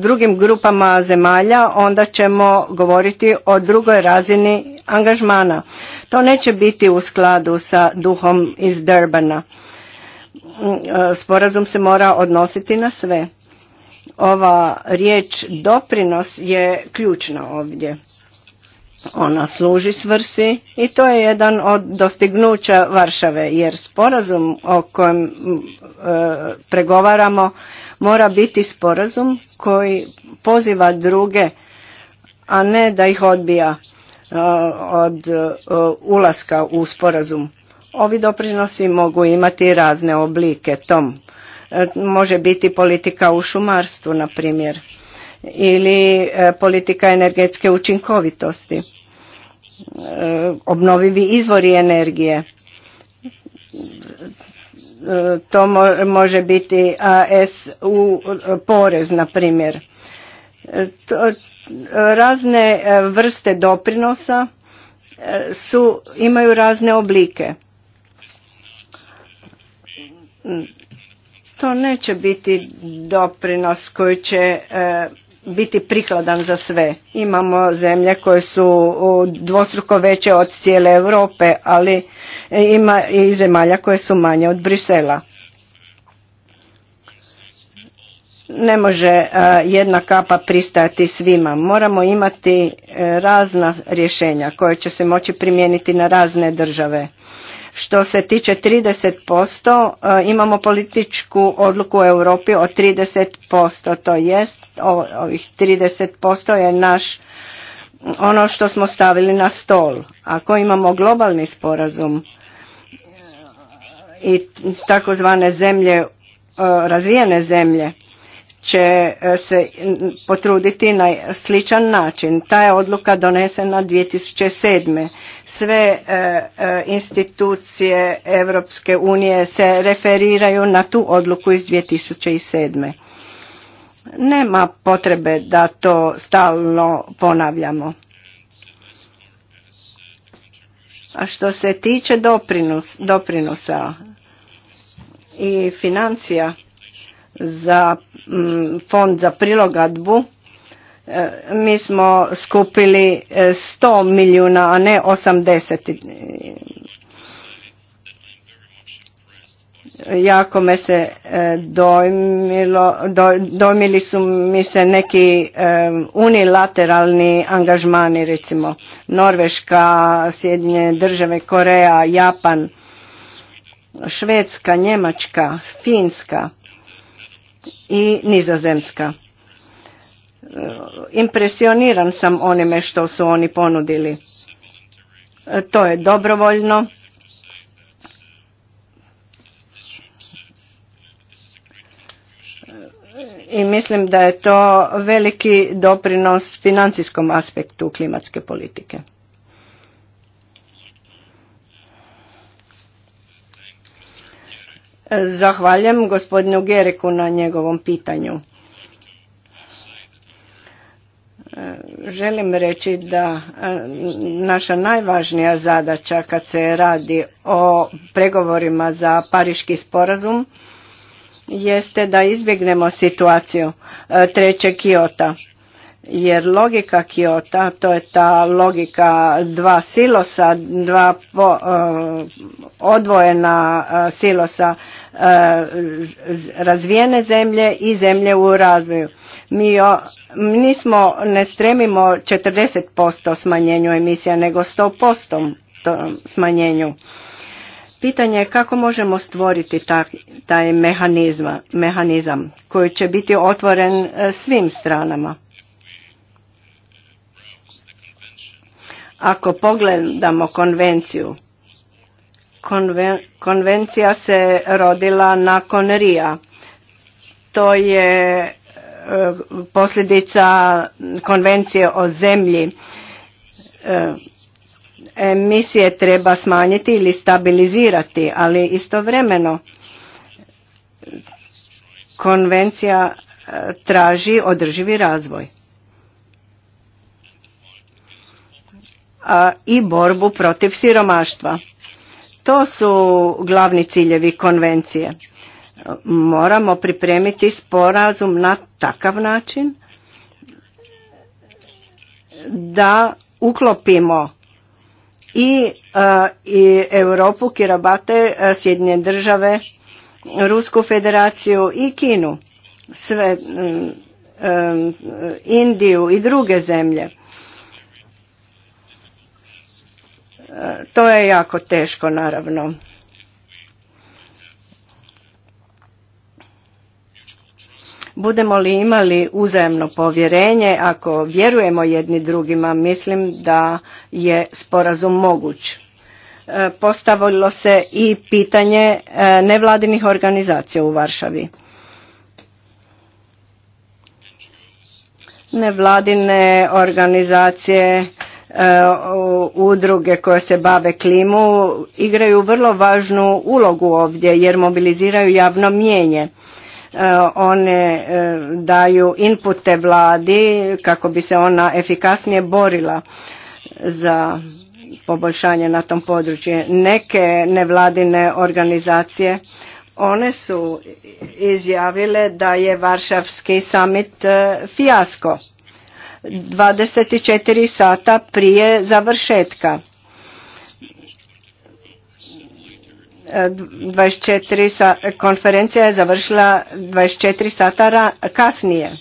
drugim grupama zemalja, onda ćemo govoriti o drugoj razini angažmana. To neće biti u skladu sa duhom iz Durbana. Mm, e, sporazum se mora odnositi na sve. Ova riječ doprinos je ključna ovdje ona služi svrsi i to je jedan od dostignuća Varšave jer sporazum o kojem e, pregovaramo mora biti sporazum koji poziva druge, a ne da ih odbija e, od e, ulaska u sporazum. Ovi doprinosi mogu imati razne oblike tom. Može biti politika u šumarstvu, na primjer ili e, politika energetske učinkovitosti, e, obnovivi izvori energije. E, to može biti ASU porez, na primjer. razne vrste doprinosa su, imaju razne oblike. To neće biti doprinos koji će biti prikladan za sve. Imamo zemlje koje su dvostruko veće od cijele Europe, ali ima i zemalja koje su manje od Brisela. Ne može e, jedna kapa pristajati svima. Moramo imati e, razna rješenja koje će se moći primijeniti na razne države. Što se tiče 30%, eh, imamo političku odluku u Europi o 30%, to jest ovih 30% je naš ono što smo stavili na stol. Ako imamo globalni sporazum eh, i takozvane zemlje, eh, razvijene zemlje, će se potruditi na sličan način. Ta je odluka donesena 2007. Sve e, e, institucije Europske unije se referiraju na tu odluku iz 2007. Nema potrebe da to stalno ponavljamo. A što se tiče doprinosa i financija za mm, fond za prilogadbu, E, mi smo skupili 100 e, milijuna, a ne 80. Jako me se e, dojmilo, dojmili su mi se neki unilateralni angažmani, recimo Norveška, Sjedinje države, Koreja, Japan, Švedska, Njemačka, Finska i Nizozemska impresioniran sam onime što su oni ponudili. E, to je dobrovoljno. I mislim da je to veliki doprinos financijskom aspektu klimatske politike. E, zahvaljujem gospodinu Gereku na njegovom pitanju želim reći da e, naša najvažnija zadaća kad se radi o pregovorima za pariški sporazum jeste da izbjegnemo situaciju e, trećeg Kiota. Jer logika Kiota, to je ta logika dva silosa, dva e, odvojena silosa razvijene zemlje i zemlje u razvoju mi nismo, ne stremimo 40% smanjenju emisija, nego 100% smanjenju. Pitanje je kako možemo stvoriti taj, mehanizam koji će biti otvoren e, svim stranama. Ako pogledamo konvenciju, konvencija se rodila nakon Rija. To je posljedica konvencije o zemlji e, emisije treba smanjiti ili stabilizirati, ali istovremeno konvencija e, traži održivi razvoj i borbu protiv siromaštva. To su glavni ciljevi konvencije moramo pripremiti sporazum na takav način da uklopimo i, e, i Europu, Kirabate, e, Sjedinje države, Rusku federaciju i Kinu, sve, e, Indiju i druge zemlje. To je jako teško, naravno. Budemo li imali uzajemno povjerenje, ako vjerujemo jedni drugima, mislim da je sporazum moguć. E, postavilo se i pitanje e, nevladinih organizacija u Varšavi. Nevladine organizacije e, udruge koje se bave klimu igraju vrlo važnu ulogu ovdje jer mobiliziraju javno mjenje. E, one e, daju inpute vladi kako bi se ona efikasnije borila za poboljšanje na tom području. Neke nevladine organizacije one su izjavile da je Varšavski summit e, fijasko 24 sata prije završetka. 24 sa, konferencija je završila 24 sata kasnije.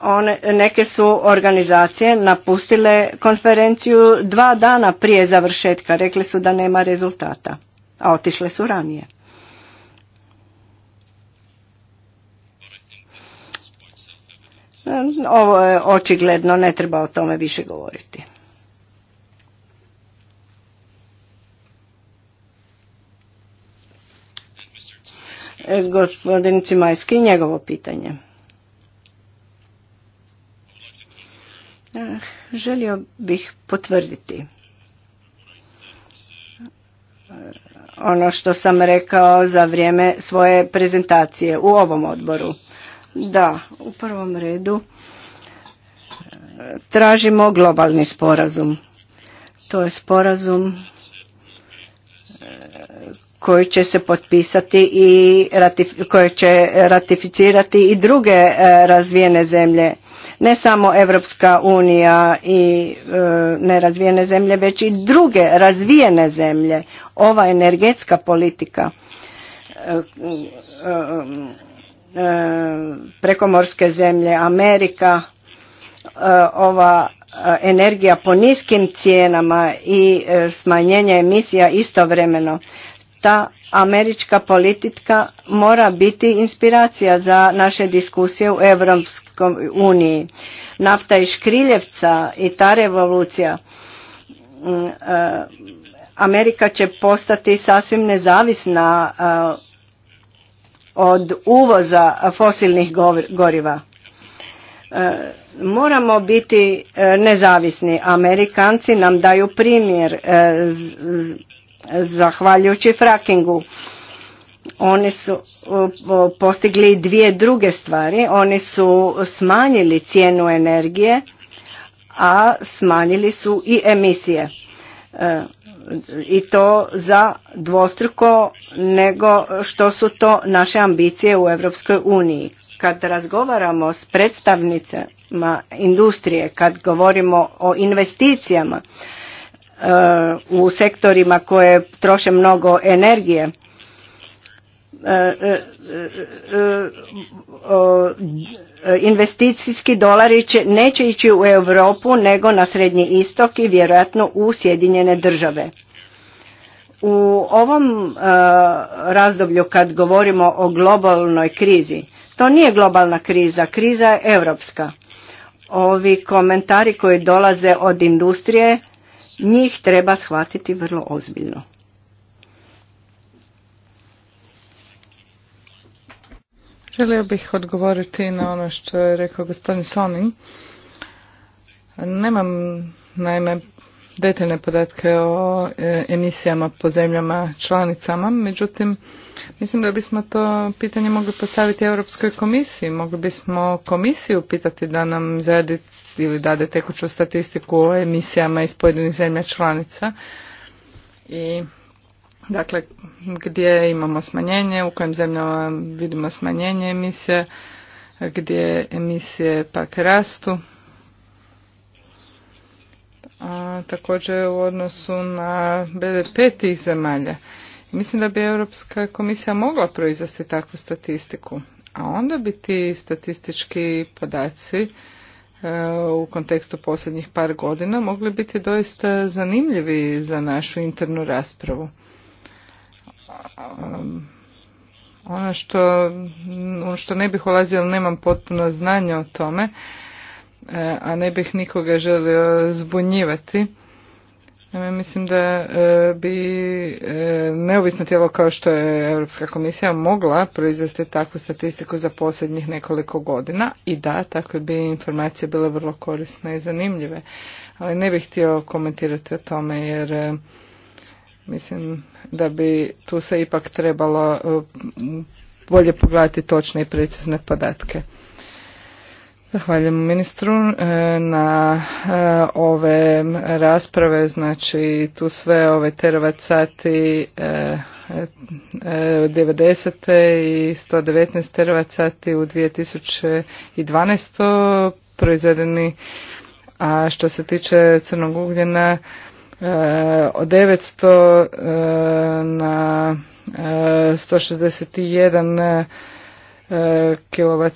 One, neke su organizacije napustile konferenciju dva dana prije završetka. Rekli su da nema rezultata, a otišle su ranije. Ehm, ovo je očigledno, ne treba o tome više govoriti. E, gospodin Cimajski i njegovo pitanje. E, želio bih potvrditi e, ono što sam rekao za vrijeme svoje prezentacije u ovom odboru. Da, u prvom redu tražimo globalni sporazum. To je sporazum koji će se potpisati i koje će ratificirati i druge e, razvijene zemlje ne samo Europska unija i e, nerazvijene zemlje već i druge razvijene zemlje ova energetska politika e, prekomorske zemlje Amerika ova energija po niskim cijenama i smanjenje emisija istovremeno ta američka politika mora biti inspiracija za naše diskusije u Europskoj uniji. Nafta i Škriljevca i ta revolucija mm, eh, Amerika će postati sasvim nezavisna eh, od uvoza fosilnih goriva. Eh, moramo biti nezavisni. Amerikanci nam daju primjer zahvaljujući frakingu. Oni su postigli dvije druge stvari. Oni su smanjili cijenu energije, a smanjili su i emisije. E, I to za dvostruko nego što su to naše ambicije u Europskoj uniji. Kad razgovaramo s predstavnicama industrije, kad govorimo o investicijama, u sektorima koje troše mnogo energije e, e, e, investicijski dolari će, neće ići u Europu nego na Srednji istok i vjerojatno u Sjedinjene države. U ovom razdoblju kad govorimo o globalnoj krizi, to nije globalna kriza, kriza je europska. Ovi komentari koji dolaze od industrije njih treba shvatiti vrlo ozbiljno. Želio bih odgovoriti na ono što je rekao gospodin Sonin. Nemam, naime, detaljne podatke o e, emisijama po zemljama članicama, međutim, mislim da bismo to pitanje mogli postaviti Europskoj komisiji. Mogli bismo komisiju pitati da nam izradi ili dade tekuću statistiku o emisijama iz pojedinih zemlja članica i dakle gdje imamo smanjenje, u kojim zemljama vidimo smanjenje emisije, gdje emisije pak rastu. A, također u odnosu na BDP tih zemalja. Mislim da bi Europska komisija mogla proizvesti takvu statistiku, a onda bi ti statistički podaci u kontekstu posljednjih par godina mogli biti doista zanimljivi za našu internu raspravu. Um, ono što, ono što ne bih ulazio, nemam potpuno znanja o tome, e, a ne bih nikoga želio zbunjivati, ja mislim da e, bi e, neovisno tijelo kao što je Europska komisija mogla proizvesti takvu statistiku za posljednjih nekoliko godina i da, tako bi informacije bile vrlo korisne i zanimljive. Ali ne bih htio komentirati o tome jer e, mislim da bi tu se ipak trebalo bolje pogledati točne i precizne podatke. Zahvaljujem ministru e, na e, ove rasprave, znači tu sve ove terovat sati 90. E, i 119 terovat sati u 2012. proizvedeni, a što se tiče crnog ugljena od 900 na 161 kilovat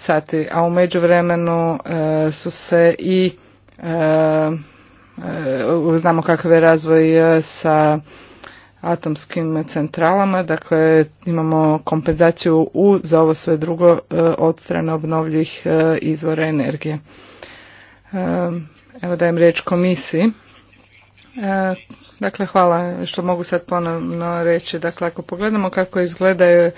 a u međuvremenu e, su se i e, e, znamo kakav je razvoj sa atomskim centralama, dakle imamo kompenzaciju u, za ovo sve drugo od strane obnovljivih izvora energije. Evo dajem riječ komisiji. dakle, hvala što mogu sad ponovno reći. Dakle, ako pogledamo kako izgledaju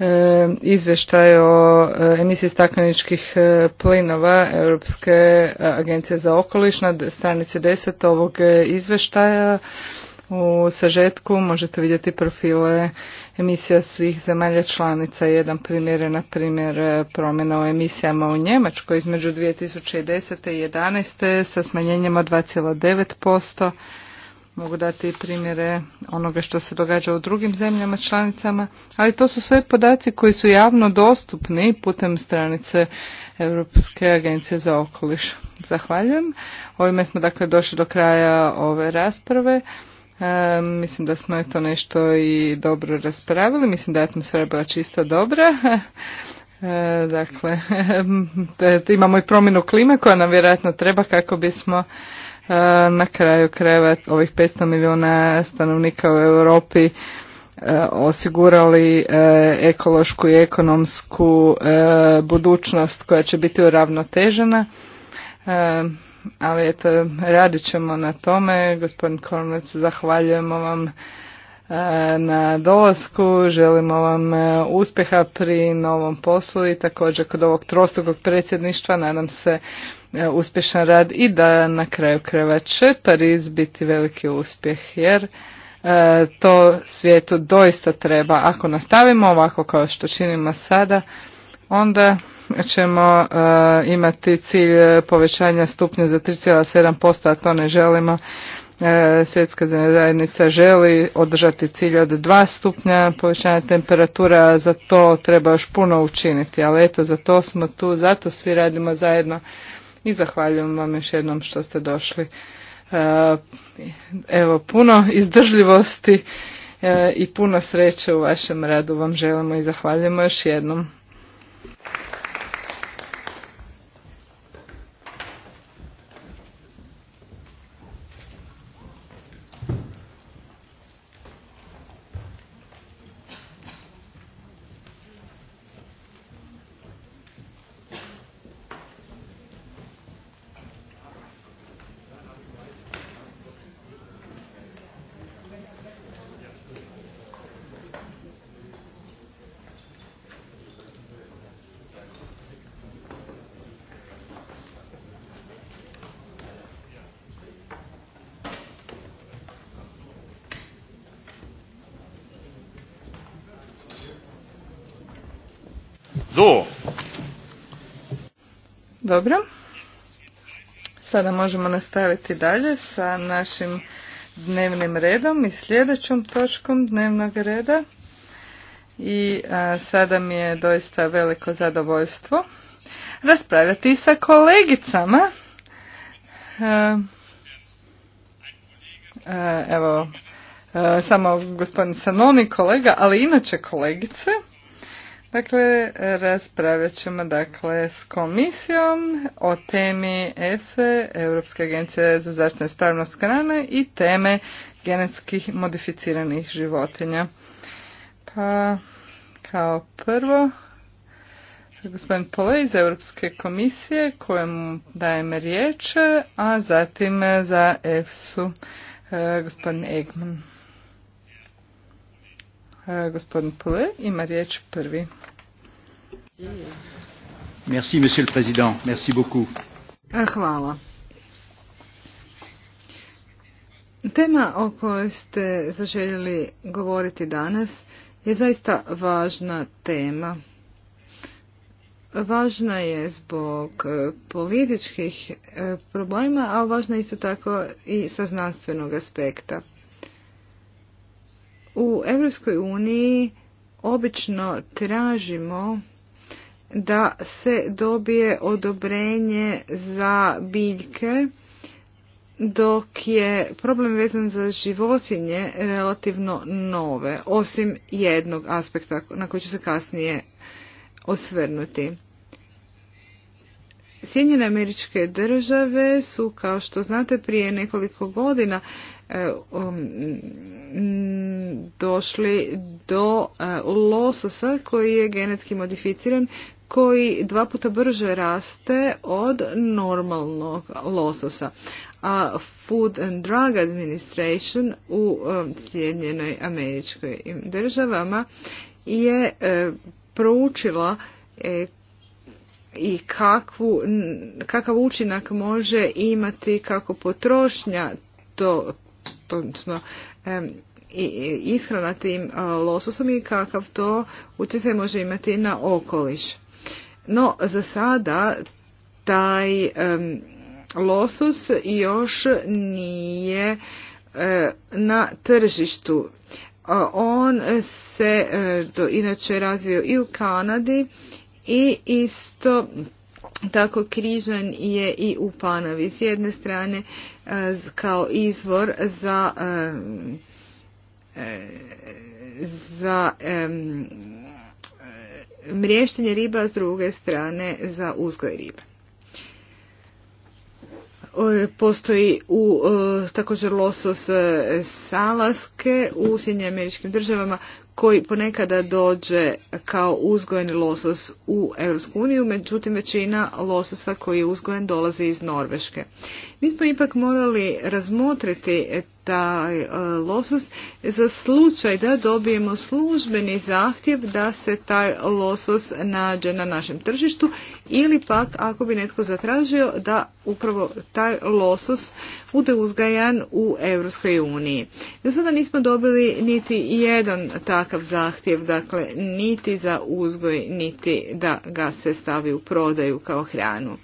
E, izvještaj o e, emisiji stakleničkih e, plinova Europske agencije za okoliš na stranici 10 ovog izvještaja. U sažetku možete vidjeti profile emisija svih zemalja članica. Jedan primjer je, na primjer, promjena u emisijama u Njemačkoj između 2010. i 2011. sa smanjenjem od 2,9%, mogu dati primjere onoga što se događa u drugim zemljama članicama, ali to su sve podaci koji su javno dostupni putem stranice Europske agencije za okoliš. Zahvaljujem. Ovime smo dakle došli do kraja ove rasprave. E, mislim da smo to nešto i dobro raspravili. Mislim da je atmosfera bila čista dobra. [LAUGHS] E, dakle, [LAUGHS] imamo i promjenu klime koja nam vjerojatno treba kako bismo E, na kraju krajeva ovih 500 milijuna stanovnika u Europi e, osigurali e, ekološku i ekonomsku budućnost koja će biti uravnotežena. Ali eto, radit ćemo na tome. Gospodin Kornec, zahvaljujemo vam na dolasku, želimo vam uspjeha pri novom poslu i također kod ovog trostogog predsjedništva nadam se E, uspješan rad i da na kraju kreva će Pariz biti veliki uspjeh jer e, to svijetu doista treba. Ako nastavimo ovako kao što činimo sada, onda ćemo e, imati cilj povećanja stupnja za 3,7%, a to ne želimo. Svjetska zajednica želi održati cilj od 2 stupnja povećanja temperatura, za to treba još puno učiniti, ali eto za to smo tu, zato svi radimo zajedno i zahvaljujem vam još jednom što ste došli. E, evo, puno izdržljivosti e, i puno sreće u vašem radu vam želimo i zahvaljujemo još jednom. So. Dobro. Sada možemo nastaviti dalje sa našim dnevnim redom i sljedećom točkom dnevnog reda. I sada mi je doista veliko zadovoljstvo raspravljati sa kolegicama. A, evo, samo gospodin Sanoni kolega, ali inače kolegice. Dakle, raspravit ćemo dakle, s komisijom o temi ESE, Europske agencije za zaštitu ispravnost hrane i teme genetskih modificiranih životinja. Pa, kao prvo, gospodin Pole iz Europske komisije kojemu dajem riječ, a zatim za EFSU e, gospodin Egman. E, gospodin Pule ima riječ prvi. Merci, monsieur le président. Merci beaucoup. E, hvala. Tema o kojoj ste zaželjeli govoriti danas je zaista važna tema. Važna je zbog e, političkih problema, a važna je isto tako i sa znanstvenog aspekta. U Europskoj uniji obično tražimo da se dobije odobrenje za biljke dok je problem vezan za životinje relativno nove, osim jednog aspekta na koji ću se kasnije osvrnuti. Sjedinjene američke države su, kao što znate, prije nekoliko godina E, um, došli do e, lososa koji je genetski modificiran koji dva puta brže raste od normalnog lososa. A Food and Drug Administration u um, Sjedinjenoj američkoj državama je e, proučila i kakvu, kakav učinak može imati kako potrošnja to odnosno ishrana tim lososom i kakav to utjecaj može imati na okoliš. No, za sada taj losos još nije e, na tržištu. On se e, do inače razvio i u Kanadi i isto tako križan je i u Panavi. S jedne strane kao izvor za e, za mriještenje riba, s druge strane za uzgoj ribe. Postoji u e, također losos e, salaske u Sjedinjenim američkim državama koji ponekada dođe kao uzgojeni losos u uniju, međutim većina lososa koji je uzgojen dolazi iz Norveške. Mi smo ipak morali razmotriti taj e, losos za slučaj da dobijemo službeni zahtjev da se taj losos nađe na našem tržištu ili pak ako bi netko zatražio da upravo taj losos bude uzgajan u Europskoj uniji. Do sada nismo dobili niti jedan takav zahtjev, dakle niti za uzgoj, niti da ga se stavi u prodaju kao hranu.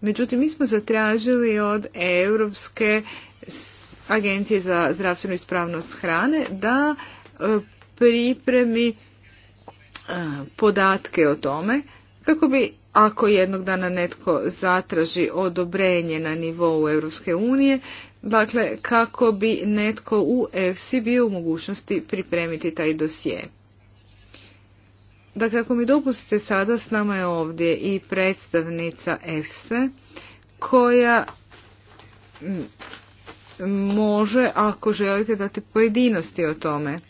Međutim, mi smo zatražili od Europske agencije za zdravstvenu ispravnost hrane da e, pripremi e, podatke o tome kako bi ako jednog dana netko zatraži odobrenje na nivou Europske unije, dakle kako bi netko u EFSI bio u mogućnosti pripremiti taj dosje. Dakle, ako mi dopustite sada, s nama je ovdje i predstavnica EFSE, koja može, ako želite, dati pojedinosti o tome.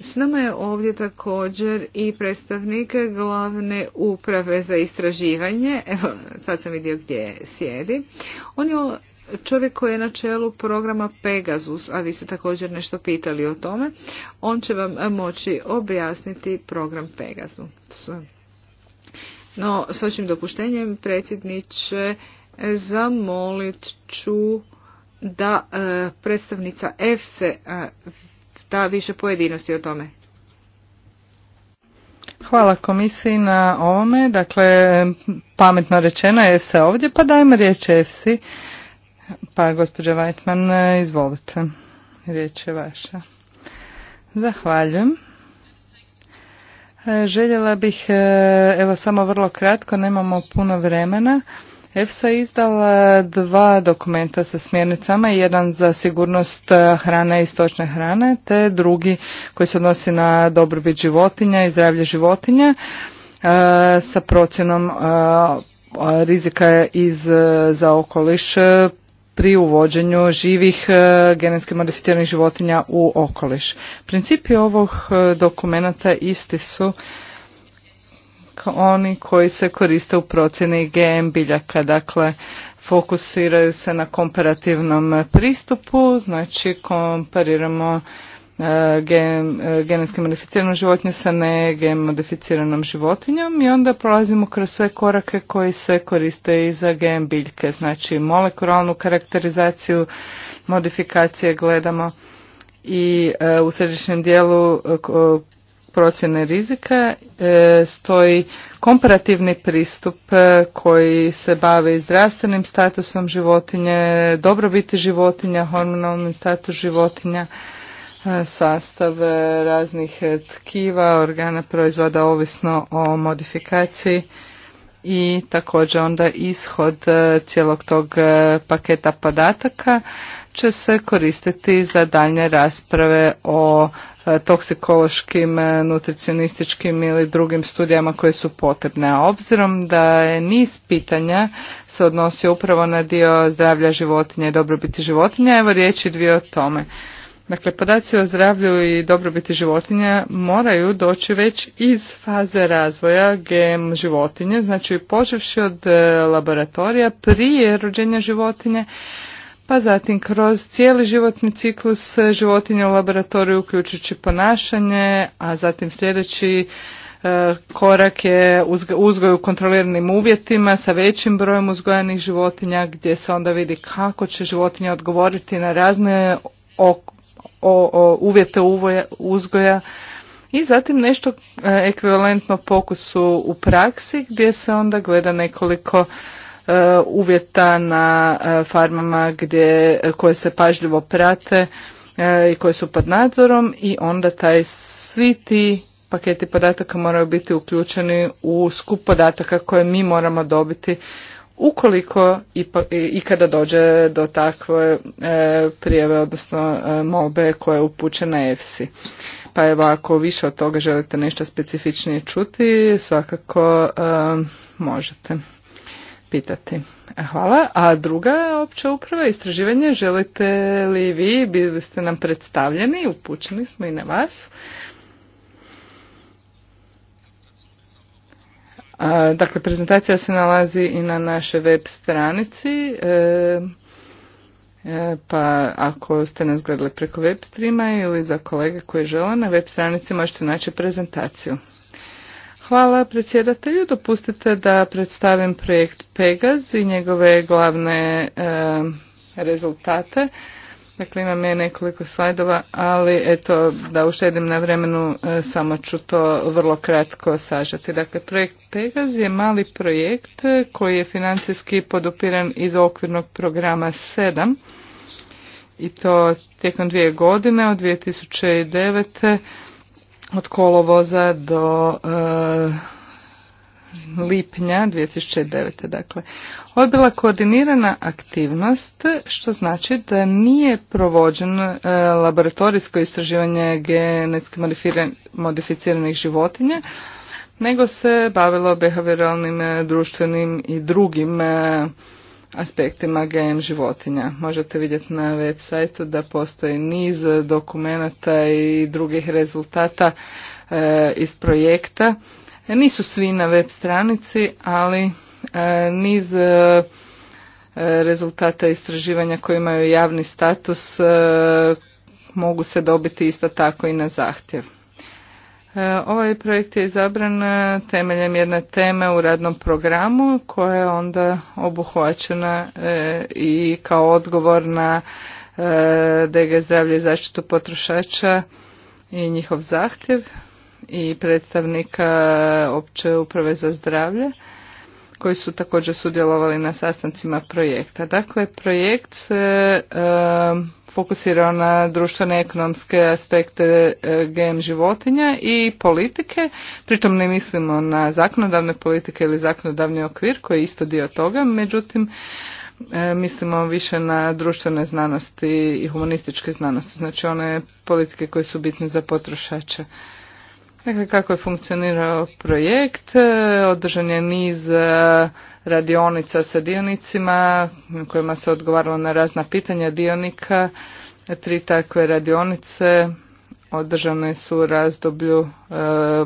S nama je ovdje također i predstavnik glavne uprave za istraživanje. Evo, sad sam vidio gdje sjedi. On je čovjek koji je na čelu programa Pegasus, a vi ste također nešto pitali o tome. On će vam moći objasniti program Pegasus. No, s vašim dopuštenjem, predsjedniče, zamolit ću da e, predstavnica EFSE e, da više pojedinosti o tome. Hvala komisiji na ovome. Dakle, pametno rečeno je se ovdje, pa dajmo riječ EFSI. Pa, gospođa Vajtman, izvolite. Riječ je vaša. Zahvaljujem. E, željela bih, e, evo samo vrlo kratko, nemamo puno vremena. EFSA je izdala dva dokumenta sa smjernicama, jedan za sigurnost hrane i stočne hrane, te drugi koji se odnosi na dobrobit životinja i zdravlje životinja e, sa procjenom e, rizika iz, e, za okoliš pri uvođenju živih genetski modificiranih životinja u okoliš. Principi ovog dokumenta isti su oni koji se koriste u procjeni GM biljaka. Dakle, fokusiraju se na komparativnom pristupu, znači kompariramo e, e, genetski modificiranu životinju sa ne gen modificiranom životinjom i onda prolazimo kroz sve korake koji se koriste i za gen biljke. Znači molekularnu karakterizaciju, modifikacije gledamo i e, u središnjem dijelu procjene rizika e, stoji komparativni pristup e, koji se bavi zdravstvenim statusom životinje, dobrobiti životinja, hormonalni status životinja, e, sastav raznih tkiva, organa proizvoda ovisno o modifikaciji i također onda ishod cijelog tog paketa podataka će se koristiti za daljnje rasprave o e, toksikološkim, e, nutricionističkim ili drugim studijama koje su potrebne. A obzirom da je niz pitanja se odnosi upravo na dio zdravlja životinja i dobrobiti životinja, evo riječi dvije o tome. Dakle, podaci o zdravlju i dobrobiti životinja moraju doći već iz faze razvoja GM životinje, znači počevši od e, laboratorija prije rođenja životinje, pa zatim kroz cijeli životni ciklus životinja u laboratoriju uključujući ponašanje, a zatim sljedeći e, korak je uzgoj u kontroliranim uvjetima sa većim brojem uzgojenih životinja gdje se onda vidi kako će životinje odgovoriti na razne uvjete uzgoja i zatim nešto e, ekvivalentno pokusu u praksi gdje se onda gleda nekoliko E, uvjeta na e, farmama gdje, e, koje se pažljivo prate i koje su pod nadzorom i onda taj svi ti paketi podataka moraju biti uključeni u skup podataka koje mi moramo dobiti ukoliko i kada dođe do takve prijeve, odnosno MOBE koja je upućena EFSI. Pa evo, ako više od toga želite nešto specifičnije čuti, svakako možete pitati. Hvala. A druga opća uprava, istraživanje, želite li vi, bili ste nam predstavljeni, upućeni smo i na vas. dakle, prezentacija se nalazi i na našoj web stranici. E, e, pa ako ste nas gledali preko web streama ili za kolege koji žele, na web stranici možete naći prezentaciju. Hvala predsjedatelju. Dopustite da predstavim projekt Pegaz i njegove glavne e, rezultate. Dakle, imam je nekoliko slajdova, ali eto, da uštedim na vremenu, e, samo ću to vrlo kratko sažati. Dakle, projekt Pegaz je mali projekt koji je financijski podupiran iz okvirnog programa 7 i to tijekom dvije godine od 2009 od kolovoza do e, lipnja 2009. Dakle, ovo je bila koordinirana aktivnost, što znači da nije provođeno e, laboratorijsko istraživanje genetski modificiranih životinja, nego se bavilo behavioralnim, e, društvenim i drugim aspektima GM životinja. Možete vidjeti na web sajtu da postoji niz dokumenata i drugih rezultata e, iz projekta. E, nisu svi na web stranici, ali e, niz rezultata istraživanja koji imaju javni status mogu se dobiti isto tako i na zahtjev. E, ovaj projekt je izabran e, temeljem jedne teme u radnom programu koja je onda obuhvaćena e, i kao odgovor na DG zdravlje i zaštitu potrošača i njihov zahtjev i predstavnika opće uprave za zdravlje koji su također sudjelovali na sastancima projekta. Dakle, projekt se fokusirao na društvene ekonomske aspekte e, GM životinja i politike. Pritom ne mislimo na zakonodavne politike ili zakonodavni okvir koji je isto dio toga, međutim e, mislimo više na društvene znanosti i humanističke znanosti, znači one politike koje su bitne za potrošače. Dakle, kako je funkcionirao projekt, e, održan je niz e, radionica sa dionicima kojima se odgovaralo na razna pitanja dionika. Tri takve radionice održane su u razdoblju e,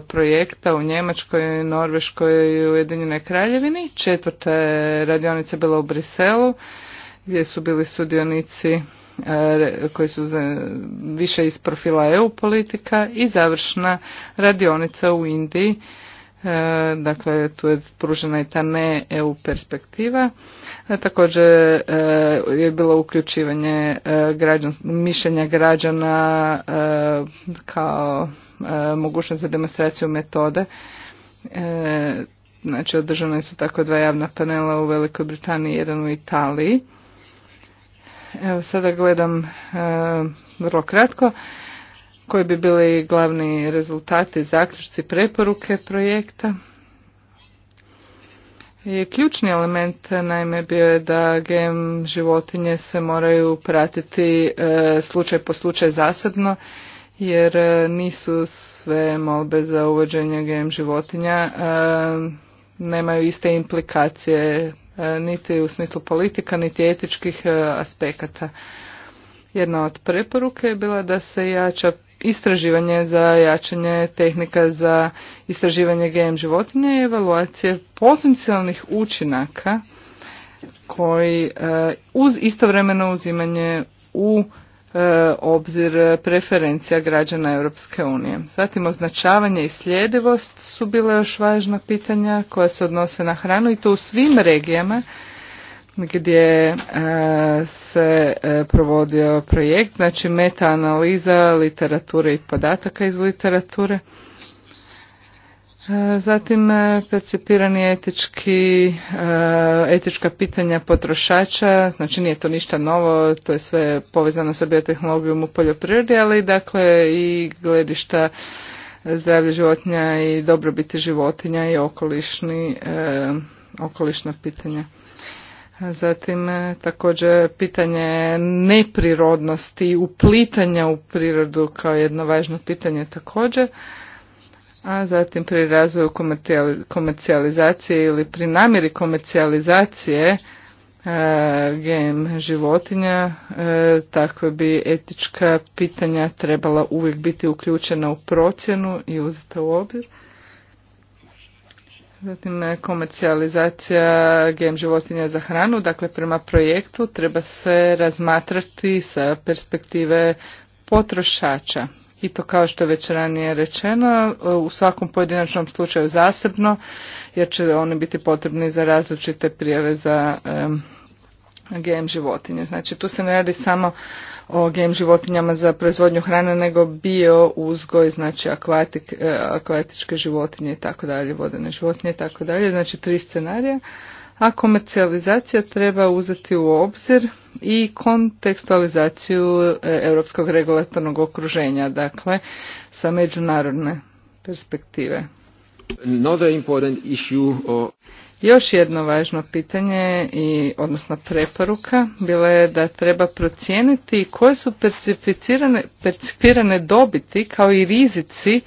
projekta u Njemačkoj, Norveškoj i Ujedinjenoj Kraljevini. Četvrta je radionica bila u Briselu gdje su bili sudionici E, koji su više iz profila EU politika i završna radionica u Indiji. E, dakle, tu je pružena i ta ne EU perspektiva. E, također je bilo uključivanje građan, mišljenja građana kao mogućnost za demonstraciju metode. Znači, održano su tako dva javna panela u Velikoj Britaniji, jedan u Italiji Evo sada gledam e, vrlo kratko koji bi bili glavni rezultati, zaključci, preporuke projekta. ključni element naime bio je da GM životinje se moraju pratiti e, slučaj po slučaj zasebno jer e, nisu sve molbe za uvođenje GM životinja nemaju iste implikacije E, niti u smislu politika, niti etičkih e, aspekata. Jedna od preporuke je bila da se jača istraživanje za jačanje tehnika za istraživanje GM životinja i evaluacije potencijalnih učinaka koji e, uz istovremeno uzimanje u E, obzir preferencija građana Europske unije. Zatim označavanje i sljedivost su bile još važna pitanja koja se odnose na hranu i to u svim regijama gdje e, se e, provodio projekt, znači meta analiza literature i podataka iz literature. E, zatim e, percipirani etički, e, etička pitanja potrošača, znači nije to ništa novo, to je sve povezano sa biotehnologijom u poljoprivredi, ali dakle i gledišta zdravlje životinja i dobrobiti životinja i okolišni, okolišna pitanja. Zatim također pitanje neprirodnosti, uplitanja u prirodu kao jedno važno pitanje također a zatim pri razvoju komercijalizacije ili pri namjeri komercijalizacije e, GM životinja, e, takve bi etička pitanja trebala uvijek biti uključena u procjenu i uzeta u obzir. Zatim e, komercijalizacija GM životinja za hranu, dakle prema projektu treba se razmatrati sa perspektive potrošača, i to kao što je već ranije rečeno u svakom pojedinačnom slučaju zasebno jer će oni biti potrebni za različite prijave za GM životinje. Znači tu se ne radi samo o GM životinjama za proizvodnju hrane nego bio uzgoj, znači akvatik, e, akvatičke životinje i tako dalje, vodene životinje i tako dalje. Znači tri scenarija a komercijalizacija treba uzeti u obzir i kontekstualizaciju e, europskog regulatornog okruženja, dakle sa međunarodne perspektive. Još jedno važno pitanje i odnosno preporuka bila je da treba procijeniti koje su percipirane dobiti kao i rizici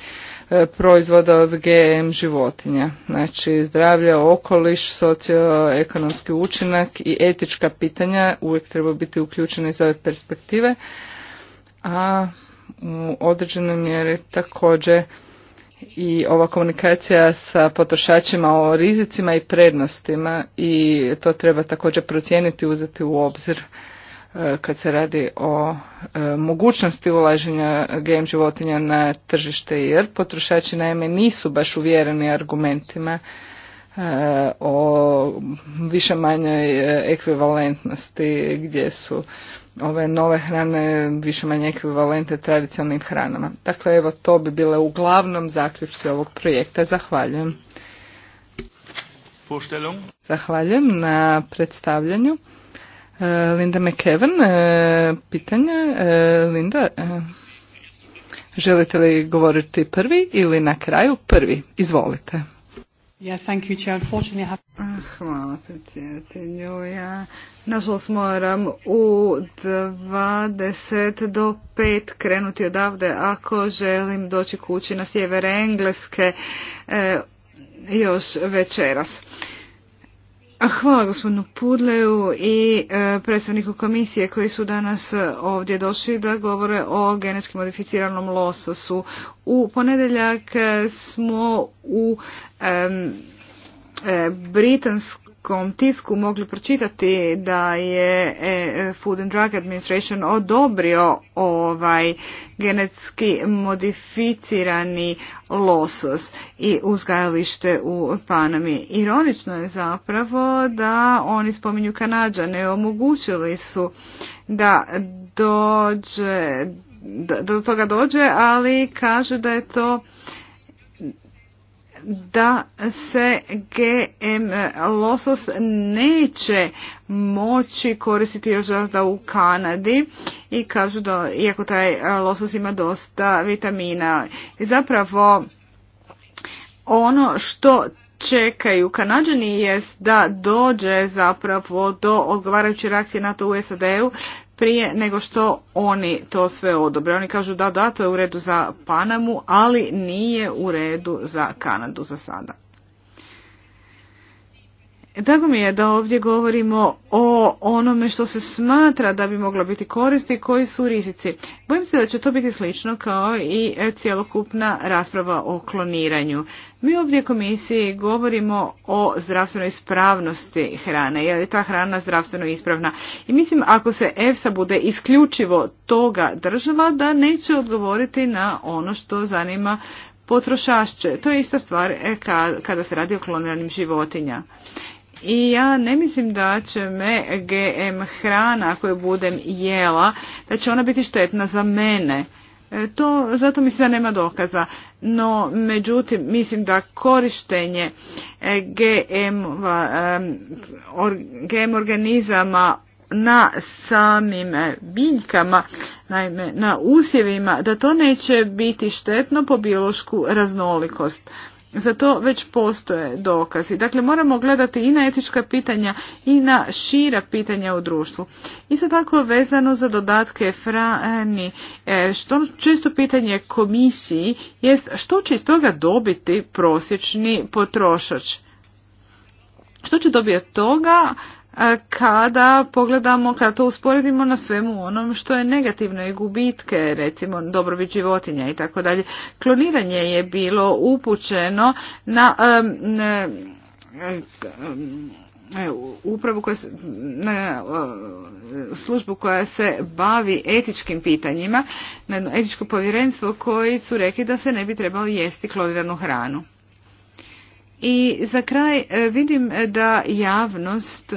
E, proizvoda od GM životinja. Znači zdravlje, okoliš, socioekonomski učinak i etička pitanja uvijek treba biti uključene iz ove perspektive, a u određenoj mjeri također i ova komunikacija sa potrošačima o rizicima i prednostima i to treba također procijeniti, uzeti u obzir kad se radi o e, mogućnosti ulaženja GM životinja na tržište jer potrošači naime nisu baš uvjereni argumentima e, o više manjoj e, ekvivalentnosti gdje su ove nove hrane više manje ekvivalente tradicionalnim hranama. Dakle, evo to bi bile uglavnom zaključci ovog projekta. Zahvaljujem. Zahvaljujem na predstavljanju. E, Linda McKeven, e, pitanje. E, Linda, želite li govoriti prvi ili na kraju prvi? Izvolite. Yeah, thank you, I have... Ah, hvala predsjedatelju. Ja nažalost moram u 20 do 5 krenuti odavde ako želim doći kući na sjever Engleske još večeras. Hvala gospodinu Pudleju i e, predstavniku komisije koji su danas e, ovdje došli da govore o genetski modificiranom lososu. U ponedjeljak e, smo u britanskom kom tisku mogli pročitati da je e, Food and Drug Administration odobrio ovaj genetski modificirani losos i uzgajalište u Panami. Ironično je zapravo da oni spominju Kanadžane, omogućili su da dođe, da do toga dođe, ali kaže da je to da se GM losos neće moći koristiti još da u Kanadi i kažu da iako taj losos ima dosta vitamina. zapravo ono što čekaju Kanadžani jest da dođe zapravo do odgovarajuće reakcije NATO u SAD-u prije nego što oni to sve odobre. Oni kažu da, da, to je u redu za Panamu, ali nije u redu za Kanadu za sada. Drago mi je da ovdje govorimo o onome što se smatra da bi moglo biti koristi, koji su rizici. Bojim se da će to biti slično kao i cjelokupna rasprava o kloniranju. Mi ovdje komisiji govorimo o zdravstvenoj ispravnosti hrane, je li ta hrana zdravstveno ispravna. I mislim ako se EFSA bude isključivo toga država da neće odgovoriti na ono što zanima potrošašće. To je ista stvar e, kada se radi o kloniranim životinja. I ja ne mislim da će me GM hrana koju budem jela, da će ona biti štetna za mene. E, to, zato mislim da nema dokaza. No, međutim, mislim da korištenje e, GM, GM organizama na samim e, biljkama, naime na usjevima, da to neće biti štetno po biološku raznolikost za to već postoje dokazi. Dakle, moramo gledati i na etička pitanja i na šira pitanja u društvu. Isto tako vezano za dodatke frani, e, što često pitanje komisiji jest što će iz toga dobiti prosječni potrošač. Što će dobiti od toga kada pogledamo, kada to usporedimo na svemu onom što je negativno i gubitke, recimo dobrobit životinja i tako dalje. Kloniranje je bilo upućeno na upravu koja se, na službu koja se bavi etičkim pitanjima, na etičko povjerenstvo koji su rekli da se ne bi trebalo jesti kloniranu hranu. I za kraj vidim da javnost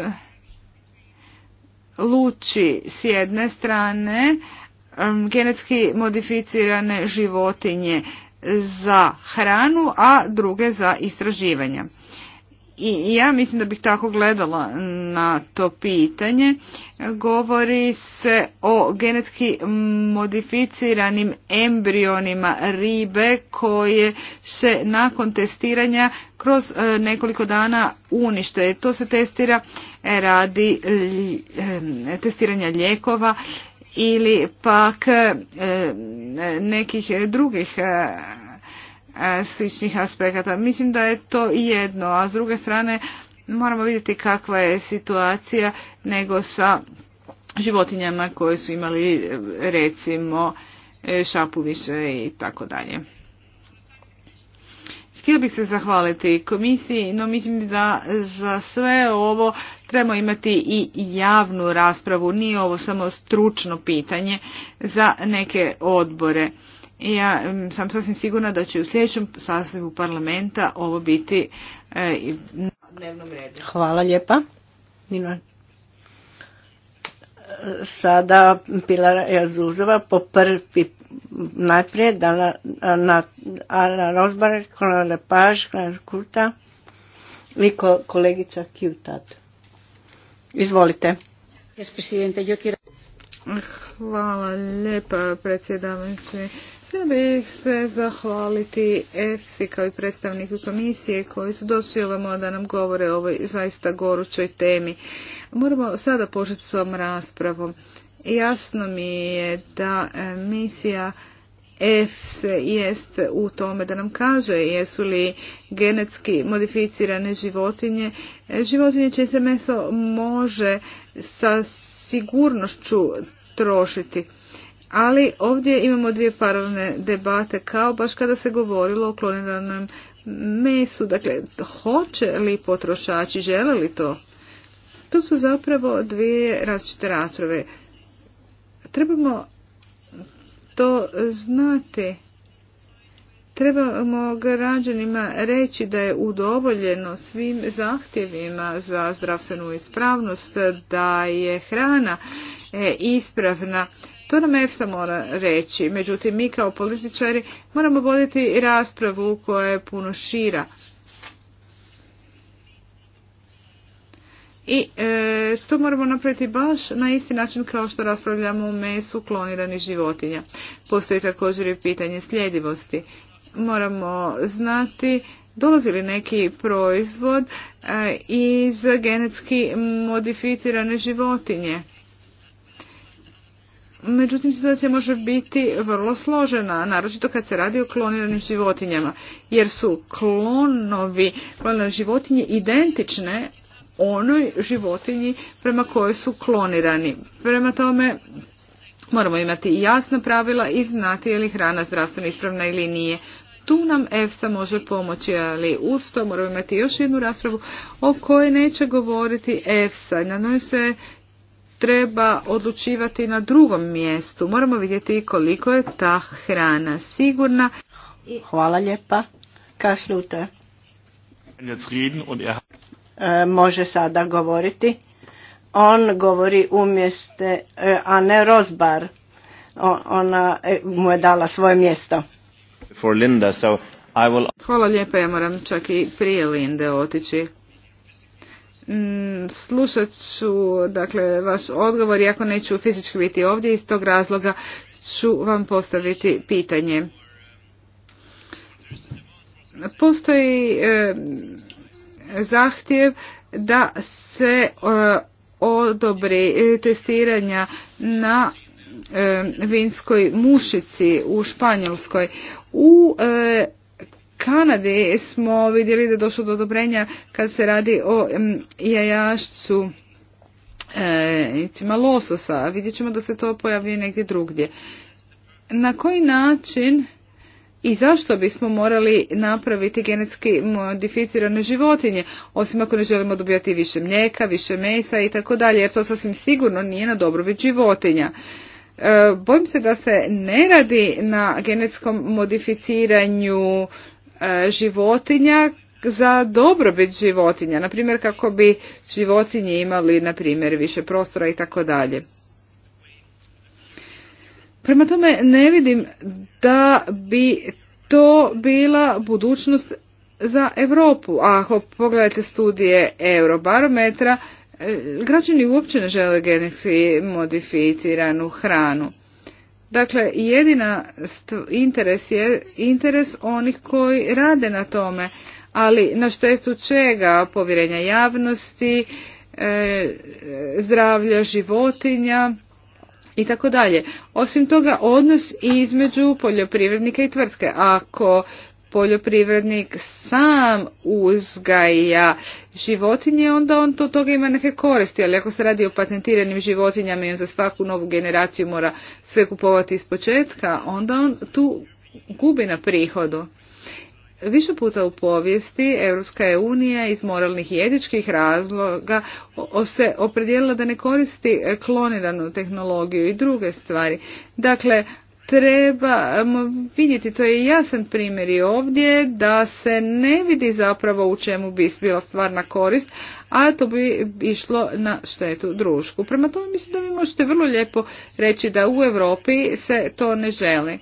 luči s jedne strane genetski modificirane životinje za hranu, a druge za istraživanja. I ja mislim da bih tako gledala na to pitanje. Govori se o genetski modificiranim embrionima ribe koje se nakon testiranja kroz e, nekoliko dana unište. To se testira radi testiranja lijekova ili pak e, nekih drugih e, e, sličnih aspekata. Mislim da je to i jedno, a s druge strane moramo vidjeti kakva je situacija nego sa životinjama koje su imali recimo šapuviše i tako dalje. Htio bih se zahvaliti komisiji, no mislim da za sve ovo trebamo imati i javnu raspravu. Nije ovo samo stručno pitanje za neke odbore. Ja mm, sam sasvim sigurna da će u sljedećem sastavu parlamenta ovo biti e, na dnevnom redu. Hvala lijepa. Sada Pilara Jazuzova po prvi najprije Dala, na, Ala Rozbar, Kola Lepaž, Kuta i kolegica Kjutat. Izvolite. Hvala lijepa predsjedavajući. Htjela bih se zahvaliti EFSI kao i predstavniku komisije koji su došli ovamo da nam govore o ovoj zaista gorućoj temi. Moramo sada početi s ovom raspravom. Jasno mi je da e, misija se jest u tome da nam kaže jesu li genetski modificirane životinje. E, životinje čije se meso može sa sigurnošću trošiti. Ali ovdje imamo dvije paralelne debate kao baš kada se govorilo o kloniranom mesu. Dakle, hoće li potrošači, žele li to? To su zapravo dvije različite rasprave. Trebamo to znati. Trebamo građanima reći da je udovoljeno svim zahtjevima za zdravstvenu ispravnost, da je hrana e, ispravna. To nam EFSA mora reći. Međutim, mi kao političari moramo voditi raspravu koja je puno šira. I e, to moramo napraviti baš na isti način kao što raspravljamo o mesu kloniranih životinja. Postoji također i pitanje sljedivosti. Moramo znati dolazi li neki proizvod e, iz genetski modificirane životinje. Međutim, situacija može biti vrlo složena, naročito kad se radi o kloniranim životinjama, jer su klonovi klonirane životinje identične onoj životinji prema kojoj su klonirani. Prema tome, moramo imati jasna pravila i znati je li hrana zdravstveno ispravna ili nije. Tu nam EFSA može pomoći, ali uz to moramo imati još jednu raspravu o kojoj neće govoriti EFSA. Na njoj se treba odlučivati na drugom mjestu. Moramo vidjeti koliko je ta hrana sigurna. Hvala lijepa. Kašljuta. E, može sada govoriti. On govori umjeste, a ne Rozbar. Ona e, mu je dala svoje mjesto. Hvala lijepa, ja moram čak i prije Linde otići. Mm, slušat ću dakle, vaš odgovor, iako neću fizički biti ovdje, iz tog razloga ću vam postaviti pitanje. Postoji e, zahtjev da se e, odobri testiranja na e, vinskoj mušici u Španjolskoj. U e, Kanadi smo vidjeli da je došlo do odobrenja kad se radi o jajašcu recimo lososa. Vidjet ćemo da se to pojavljuje negdje drugdje. Na koji način i zašto bismo morali napraviti genetski modificirane životinje, osim ako ne želimo dobijati više mlijeka, više mesa i tako dalje, jer to sasvim sigurno nije na dobrobit životinja. E, bojim se da se ne radi na genetskom modificiranju e, životinja za dobrobit životinja, na primjer kako bi životinje imali na primjer više prostora i tako dalje. Prema tome ne vidim da bi to bila budućnost za Europu. A ako pogledate studije Eurobarometra, e, građani uopće ne žele genetski modificiranu hranu. Dakle, jedina interes je interes onih koji rade na tome, ali na štetu čega povjerenja javnosti, e, e, zdravlja životinja, i tako dalje. Osim toga, odnos između poljoprivrednika i tvrtke. Ako poljoprivrednik sam uzgaja životinje, onda on to toga ima neke koristi, ali ako se radi o patentiranim životinjama i on za svaku novu generaciju mora sve kupovati iz početka, onda on tu gubi na prihodu. Više puta u povijesti Europska je unija iz moralnih i etičkih razloga se opredijelila da ne koristi e, kloniranu tehnologiju i druge stvari. Dakle, treba vidjeti, to je jasan primjer i ovdje, da se ne vidi zapravo u čemu bi bila stvarna korist, a to bi išlo na štetu društvu. Prema tome mislim da vi možete vrlo lijepo reći da u Europi se to ne želi.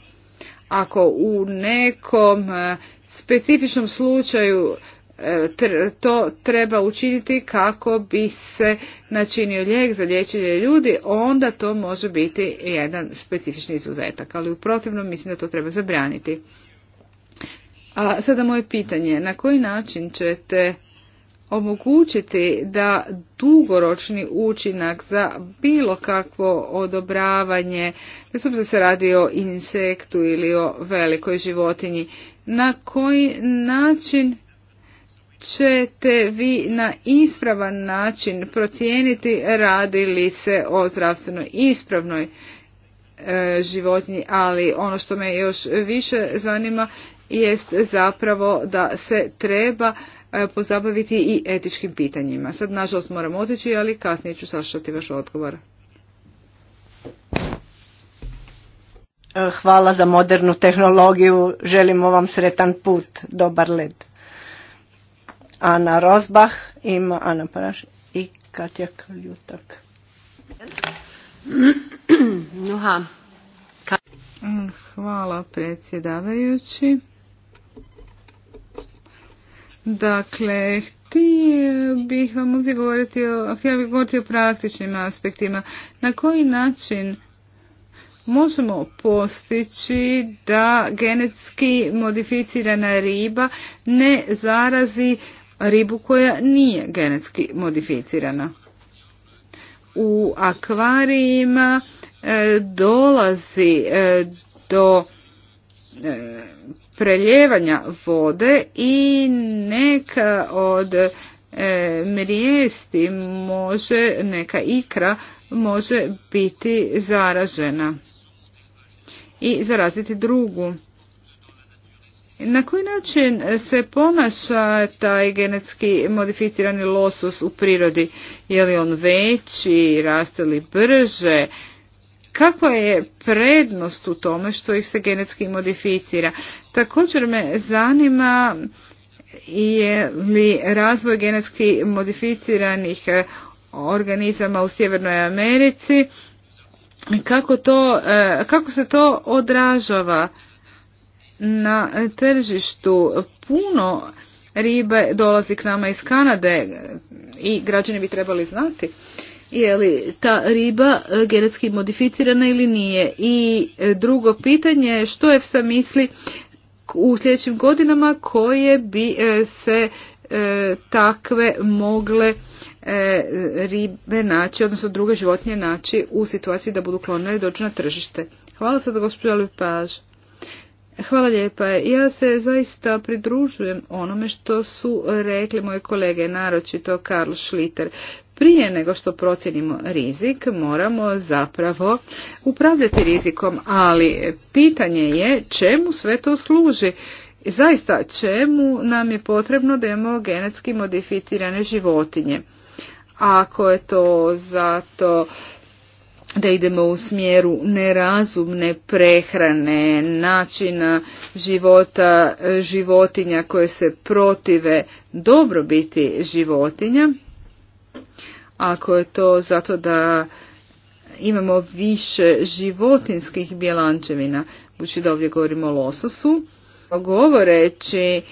Ako u nekom e, specifičnom slučaju e, to treba učiniti kako bi se načinio lijek za liječenje ljudi, onda to može biti jedan specifični izuzetak, ali u protivnom mislim da to treba zabraniti. A sada moje pitanje, na koji način ćete omogućiti da dugoročni učinak za bilo kakvo odobravanje, bez obzira se radi o insektu ili o velikoj životinji, na koji način ćete vi na ispravan način procijeniti radi li se o zdravstvenoj ispravnoj e, životinji, ali ono što me još više zanima jest zapravo da se treba E, pozabaviti i etičkim pitanjima. Sad, nažalost, moram otići, ali kasnije ću sašati vaš odgovor. E, hvala za modernu tehnologiju. Želimo vam sretan put. Dobar led. Ana Rozbah ima Ana Paraš i Katja Kljutak. [CLEARS THROAT] Hvala predsjedavajući. Dakle, ti bih vam ovdje govoriti o, ja bih govoriti o praktičnim aspektima. Na koji način možemo postići da genetski modificirana riba ne zarazi ribu koja nije genetski modificirana. U akvarijima e, dolazi e, do e, preljevanja vode i neka od e, mrijesti može, neka ikra može biti zaražena i zaraziti drugu. Na koji način se ponaša taj genetski modificirani losos u prirodi? Je li on veći, raste li brže, Kakva je prednost u tome što ih se genetski modificira? Također me zanima je li razvoj genetski modificiranih e, organizama u Sjevernoj Americi kako, to, e, kako se to odražava na tržištu puno ribe dolazi k nama iz Kanade i građani bi trebali znati je li ta riba e, genetski modificirana ili nije. I e, drugo pitanje je što je sa misli u sljedećim godinama koje bi e, se takve mogle ribe naći, odnosno druge životinje naći u situaciji da budu klonili i dođu na tržište. Hvala sada gospođa Lupaž. Hvala lijepa. Ja se zaista pridružujem onome što su rekli moje kolege, naročito Karl Schlitter prije nego što procjenimo rizik moramo zapravo upravljati rizikom, ali pitanje je čemu sve to služi. Zaista čemu nam je potrebno da imamo genetski modificirane životinje. Ako je to zato da idemo u smjeru nerazumne prehrane, načina života životinja koje se protive dobrobiti životinja, ako je to zato da imamo više životinskih bjelančevina, budući da ovdje govorimo o lososu, govoreći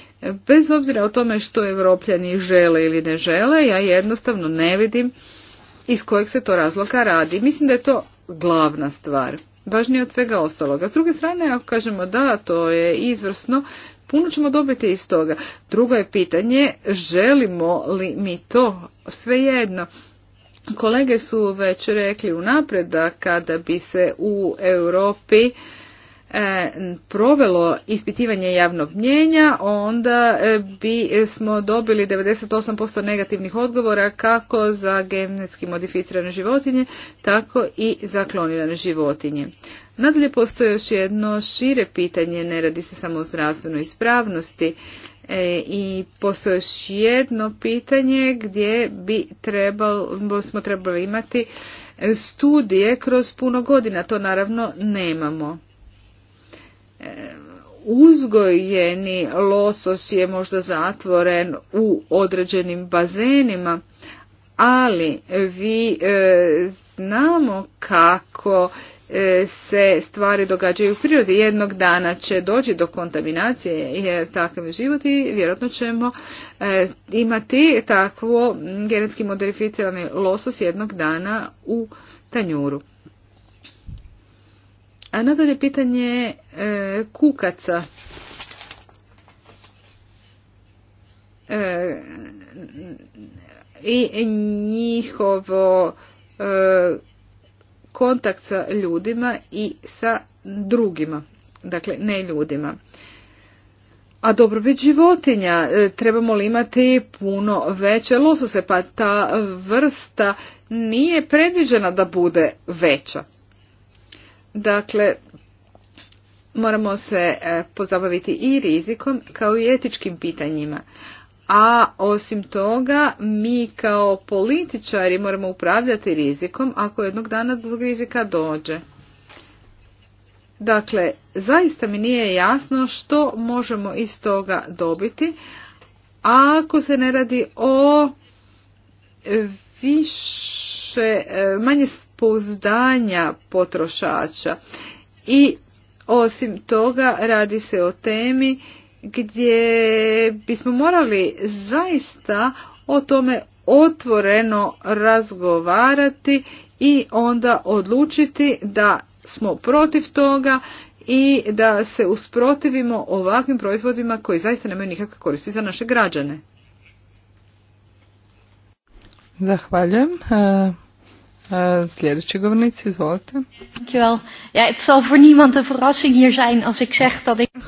bez obzira o tome što evropljani žele ili ne žele, ja jednostavno ne vidim iz kojeg se to razloga radi. Mislim da je to glavna stvar, važnije od svega ostaloga. S druge strane, ako kažemo da, to je izvrsno, puno ćemo dobiti iz toga. Drugo je pitanje, želimo li mi to svejedno? Kolege su već rekli unaprijed da kada bi se u Europi E, provelo ispitivanje javnog mnjenja, onda e, bi smo dobili 98% negativnih odgovora kako za genetski modificirane životinje, tako i za klonirane životinje. Nadalje postoje još jedno šire pitanje, ne radi se samo o zdravstvenoj ispravnosti, e, I postoje još jedno pitanje gdje bi trebalo, smo trebali imati studije kroz puno godina. To naravno nemamo uzgojeni losos je možda zatvoren u određenim bazenima, ali vi e, znamo kako e, se stvari događaju u prirodi. Jednog dana će doći do kontaminacije jer takav život i vjerojatno ćemo e, imati takvo genetski modificirani losos jednog dana u tanjuru. A nadalje pitanje e, kukaca. E, I njihovo e, kontakt sa ljudima i sa drugima, dakle ne ljudima. A dobrobit životinja, e, trebamo li imati puno veće losose, pa ta vrsta nije predviđena da bude veća. Dakle, moramo se e, pozabaviti i rizikom kao i etičkim pitanjima. A osim toga, mi kao političari moramo upravljati rizikom ako jednog dana do rizika dođe. Dakle, zaista mi nije jasno što možemo iz toga dobiti ako se ne radi o više, e, manje pouzdanja potrošača. I osim toga radi se o temi gdje bismo morali zaista o tome otvoreno razgovarati i onda odlučiti da smo protiv toga i da se usprotivimo ovakvim proizvodima koji zaista nemaju nikakve koristi za naše građane. Zahvaljujem. E, E, sljedeći govornici, izvolite. Ja, het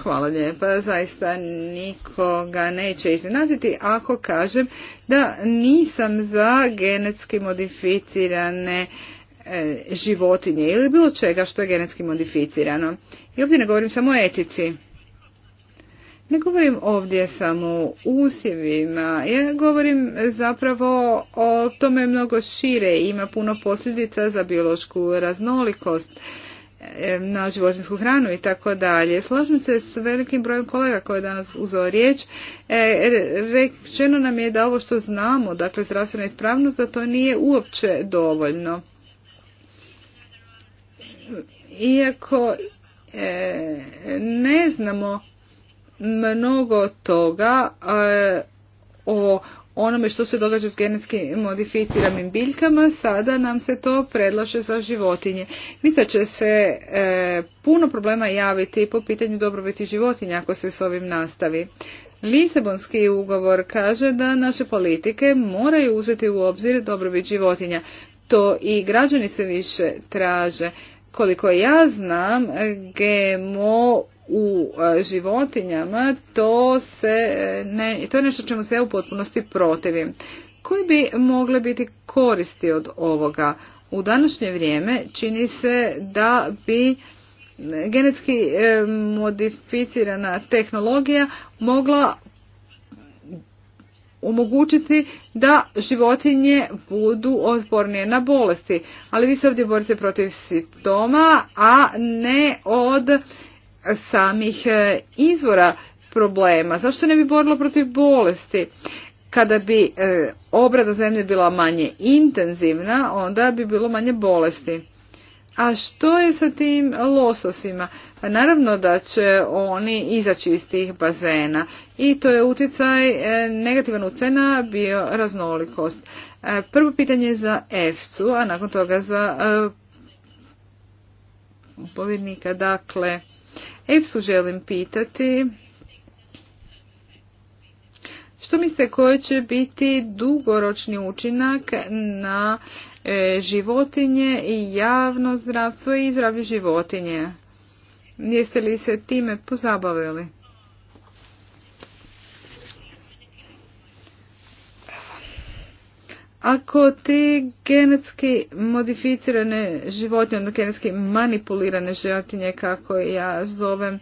Hvala lijepa, zaista nikoga neće iznenaditi ako kažem da nisam za genetski modificirane e, životinje ili bilo čega što je genetski modificirano. I ovdje ne govorim samo o etici. Ne govorim ovdje samo o usjevima, ja govorim zapravo o tome mnogo šire. Ima puno posljedica za biološku raznolikost e, na životinsku hranu i tako dalje. Slažem se s velikim brojem kolega koji je danas uzeo riječ. E, rečeno nam je da ovo što znamo, dakle zdravstvena ispravnost, da to nije uopće dovoljno. Iako e, ne znamo mnogo toga eh, o onome što se događa s genetski modificiranim biljkama, sada nam se to predlaže za životinje. Mislim će se eh, puno problema javiti po pitanju dobrobiti životinja ako se s ovim nastavi. Lisabonski ugovor kaže da naše politike moraju uzeti u obzir dobrobit životinja. To i građani se više traže. Koliko ja znam, eh, GMO u e, životinjama, to, se e, ne, to je nešto čemu se ja u potpunosti protivim. Koji bi mogle biti koristi od ovoga? U današnje vrijeme čini se da bi genetski e, modificirana tehnologija mogla omogućiti da životinje budu otpornije na bolesti. Ali vi se ovdje borite protiv simptoma, a ne od samih e, izvora problema. Zašto ne bi borila protiv bolesti? Kada bi e, obrada zemlje bila manje intenzivna, onda bi bilo manje bolesti. A što je sa tim lososima? Pa naravno da će oni izaći iz tih bazena i to je utjecaj e, negativan ucena bio raznolikost. Prvo pitanje je za EFCU, a nakon toga za povjednika. Dakle, EFSU želim pitati što mislite koji će biti dugoročni učinak na e, životinje i javno zdravstvo i zdravlje životinje? Jeste li se time pozabavili? Ako te genetski modificirane životinje, onda genetski manipulirane životinje, kako ja zovem,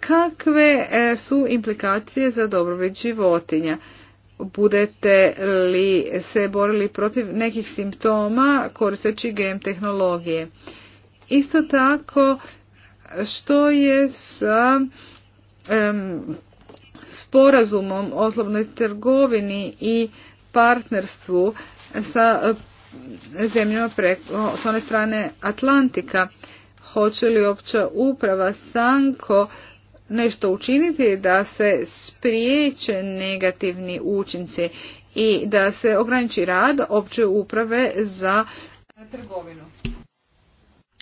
kakve e, su implikacije za dobrobit životinja? Budete li se borili protiv nekih simptoma koristeći GM tehnologije? Isto tako, što je sa sporazumom o slobodnoj trgovini i partnerstvu sa e, zemljama preko, s one strane Atlantika. Hoće li opća uprava Sanko nešto učiniti da se spriječe negativni učinci i da se ograniči rad opće uprave za trgovinu?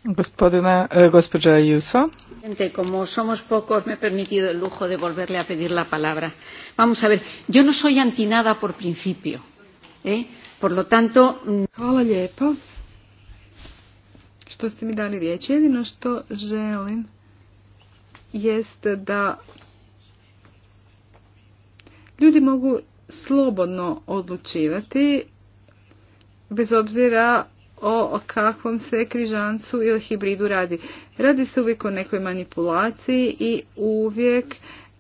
Gospodina, eh, gospođa Juso. Como somos pocos, me he permitido el lujo de volverle a pedir la palabra. Vamos a ver, yo no soy antinada por principio. Eh? Por lo tanto... Mm, Hvala lijepo. Što ste mi dali riječ? Jedino što želim jest da ljudi mogu slobodno odlučivati bez obzira o kakvom se križancu ili hibridu radi. Radi se uvijek o nekoj manipulaciji i uvijek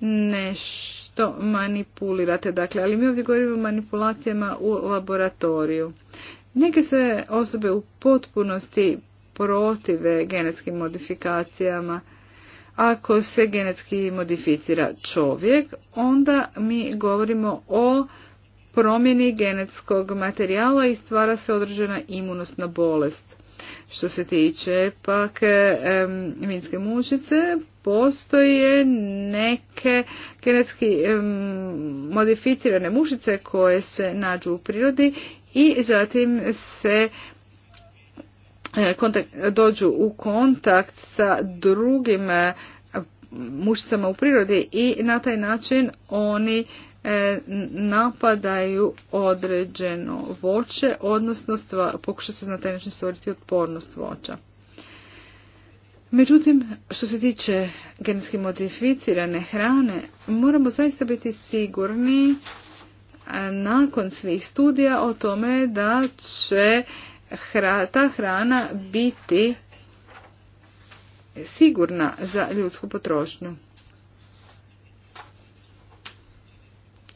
nešto manipulirate. Dakle, ali mi ovdje govorimo o manipulacijama u laboratoriju. Neke se osobe u potpunosti protive genetskim modifikacijama. Ako se genetski modificira čovjek, onda mi govorimo o promjeni genetskog materijala i stvara se određena imunosna bolest. Što se tiče pak minske mušice, postoje neke genetski modificirane mušice koje se nađu u prirodi i zatim se e, dođu u kontakt sa drugim mušicama u prirodi i na taj način oni e, napadaju određeno voće, odnosno pokuša se na taj način stvoriti otpornost voća. Međutim, što se tiče genetski modificirane hrane, moramo zaista biti sigurni e, nakon svih studija o tome da će ta hrana biti sigurna za ljudsku potrošnju.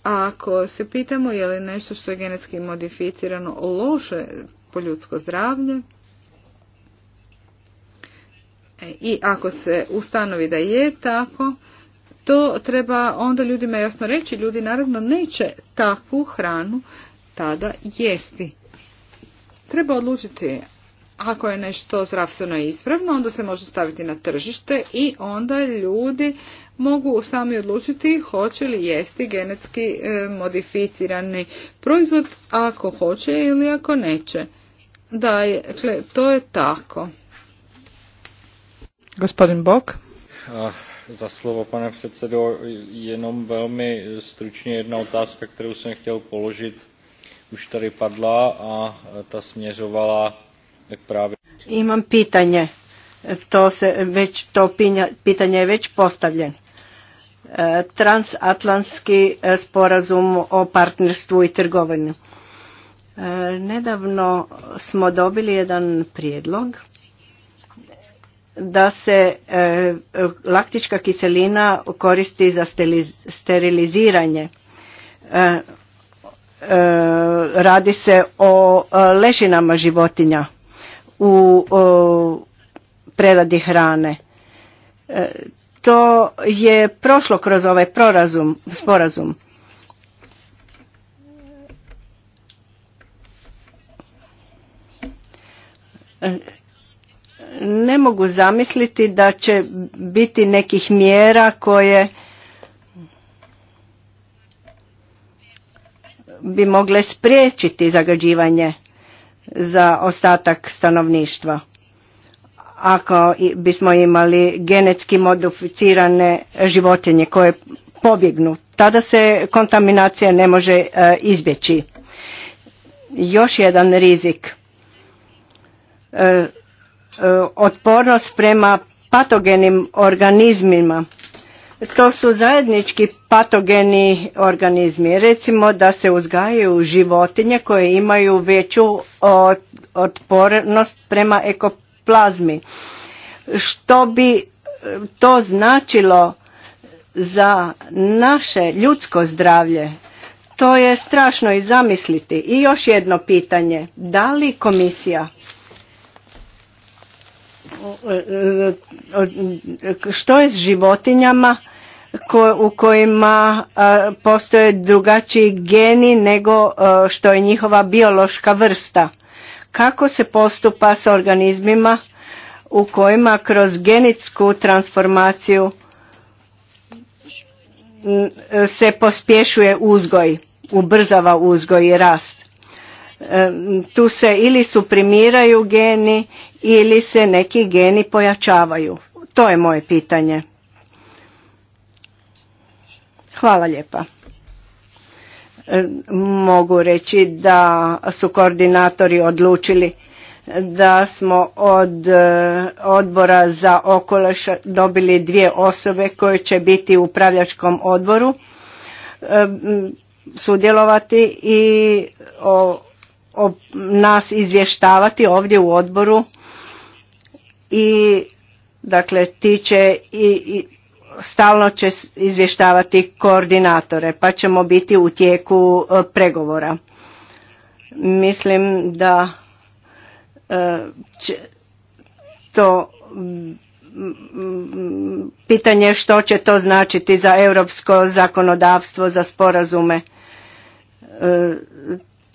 A ako se pitamo je li nešto što je genetski modificirano loše po ljudsko zdravlje, e, i ako se ustanovi da je tako, to treba onda ljudima jasno reći. Ljudi naravno neće takvu hranu tada jesti. Treba odlučiti ako je nešto zdravstveno ispravno, onda se može staviti na tržište i onda ljudi mogu sami odlučiti hoće li jesti genetski e, modificirani proizvod ako hoće ili ako neće. Da, je, dakle, to je tako. Gospodin Bok. za slovo, pane predsedo, jenom velmi stručně jedna otázka, kterou jsem chtěl položit, už tady padla a ta směřovala imam pitanje. To se već to pitanje je već postavljeno. E, transatlantski e, sporazum o partnerstvu i trgovini. E, nedavno smo dobili jedan prijedlog da se laktička kiselina koristi za steriliziranje. Radi se o ležinama životinja u o, preradi hrane. E, to je prošlo kroz ovaj sporazum. E, ne mogu zamisliti da će biti nekih mjera koje bi mogle spriječiti zagađivanje za ostatak stanovništva. Ako bismo imali genetski modificirane životinje koje pobjegnu, tada se kontaminacija ne može e, izbjeći. Još jedan rizik. E, e, otpornost prema patogenim organizmima to su zajednički patogeni organizmi. Recimo da se uzgajaju životinje koje imaju veću otpornost prema ekoplazmi. Što bi e, to značilo za naše ljudsko zdravlje? To je strašno i zamisliti. I još jedno pitanje. Da li komisija što je s životinjama u kojima postoje drugačiji geni nego što je njihova biološka vrsta. Kako se postupa s organizmima u kojima kroz genetsku transformaciju se pospješuje uzgoj, ubrzava uzgoj i rast. E, tu se ili suprimiraju geni ili se neki geni pojačavaju. To je moje pitanje. Hvala lijepa. E, mogu reći da su koordinatori odlučili da smo od e, odbora za okoliš dobili dvije osobe koje će biti u upravljačkom odboru sudjelovati i nas izvještavati ovdje u odboru i dakle ti i, i stalno će izvještavati koordinatore pa ćemo biti u tijeku e, pregovora. Mislim da e, će to mm, pitanje što će to značiti za europsko zakonodavstvo, za sporazume. E,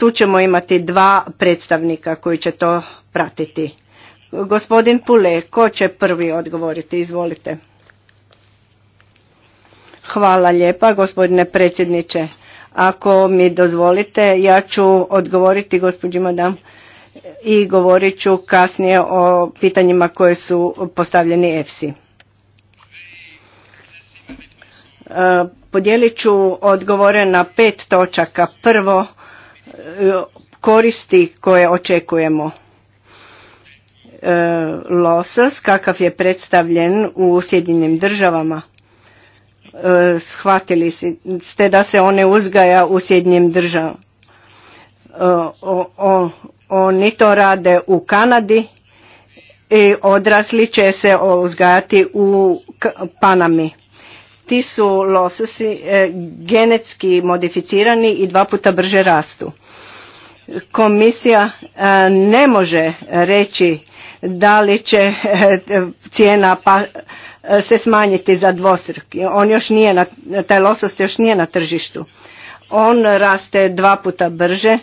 tu ćemo imati dva predstavnika koji će to pratiti. Gospodin Pule, ko će prvi odgovoriti? Izvolite. Hvala lijepa, gospodine predsjedniče. Ako mi dozvolite, ja ću odgovoriti gospođi madam i govorit ću kasnije o pitanjima koje su postavljeni EFSI. Podijelit ću odgovore na pet točaka. Prvo, koristi koje očekujemo. E, losos, kakav je predstavljen u Sjedinjenim državama, e, shvatili ste da se one uzgaja u Sjedinim državama. E, oni to rade u Kanadi i odrasli će se uzgajati u Panami ti su lososi e, genetski modificirani i dva puta brže rastu. Komisija e, ne može reći da li će e, cijena pa, se smanjiti za dvosrk. On još nije taj losos još nije na tržištu. On raste dva puta brže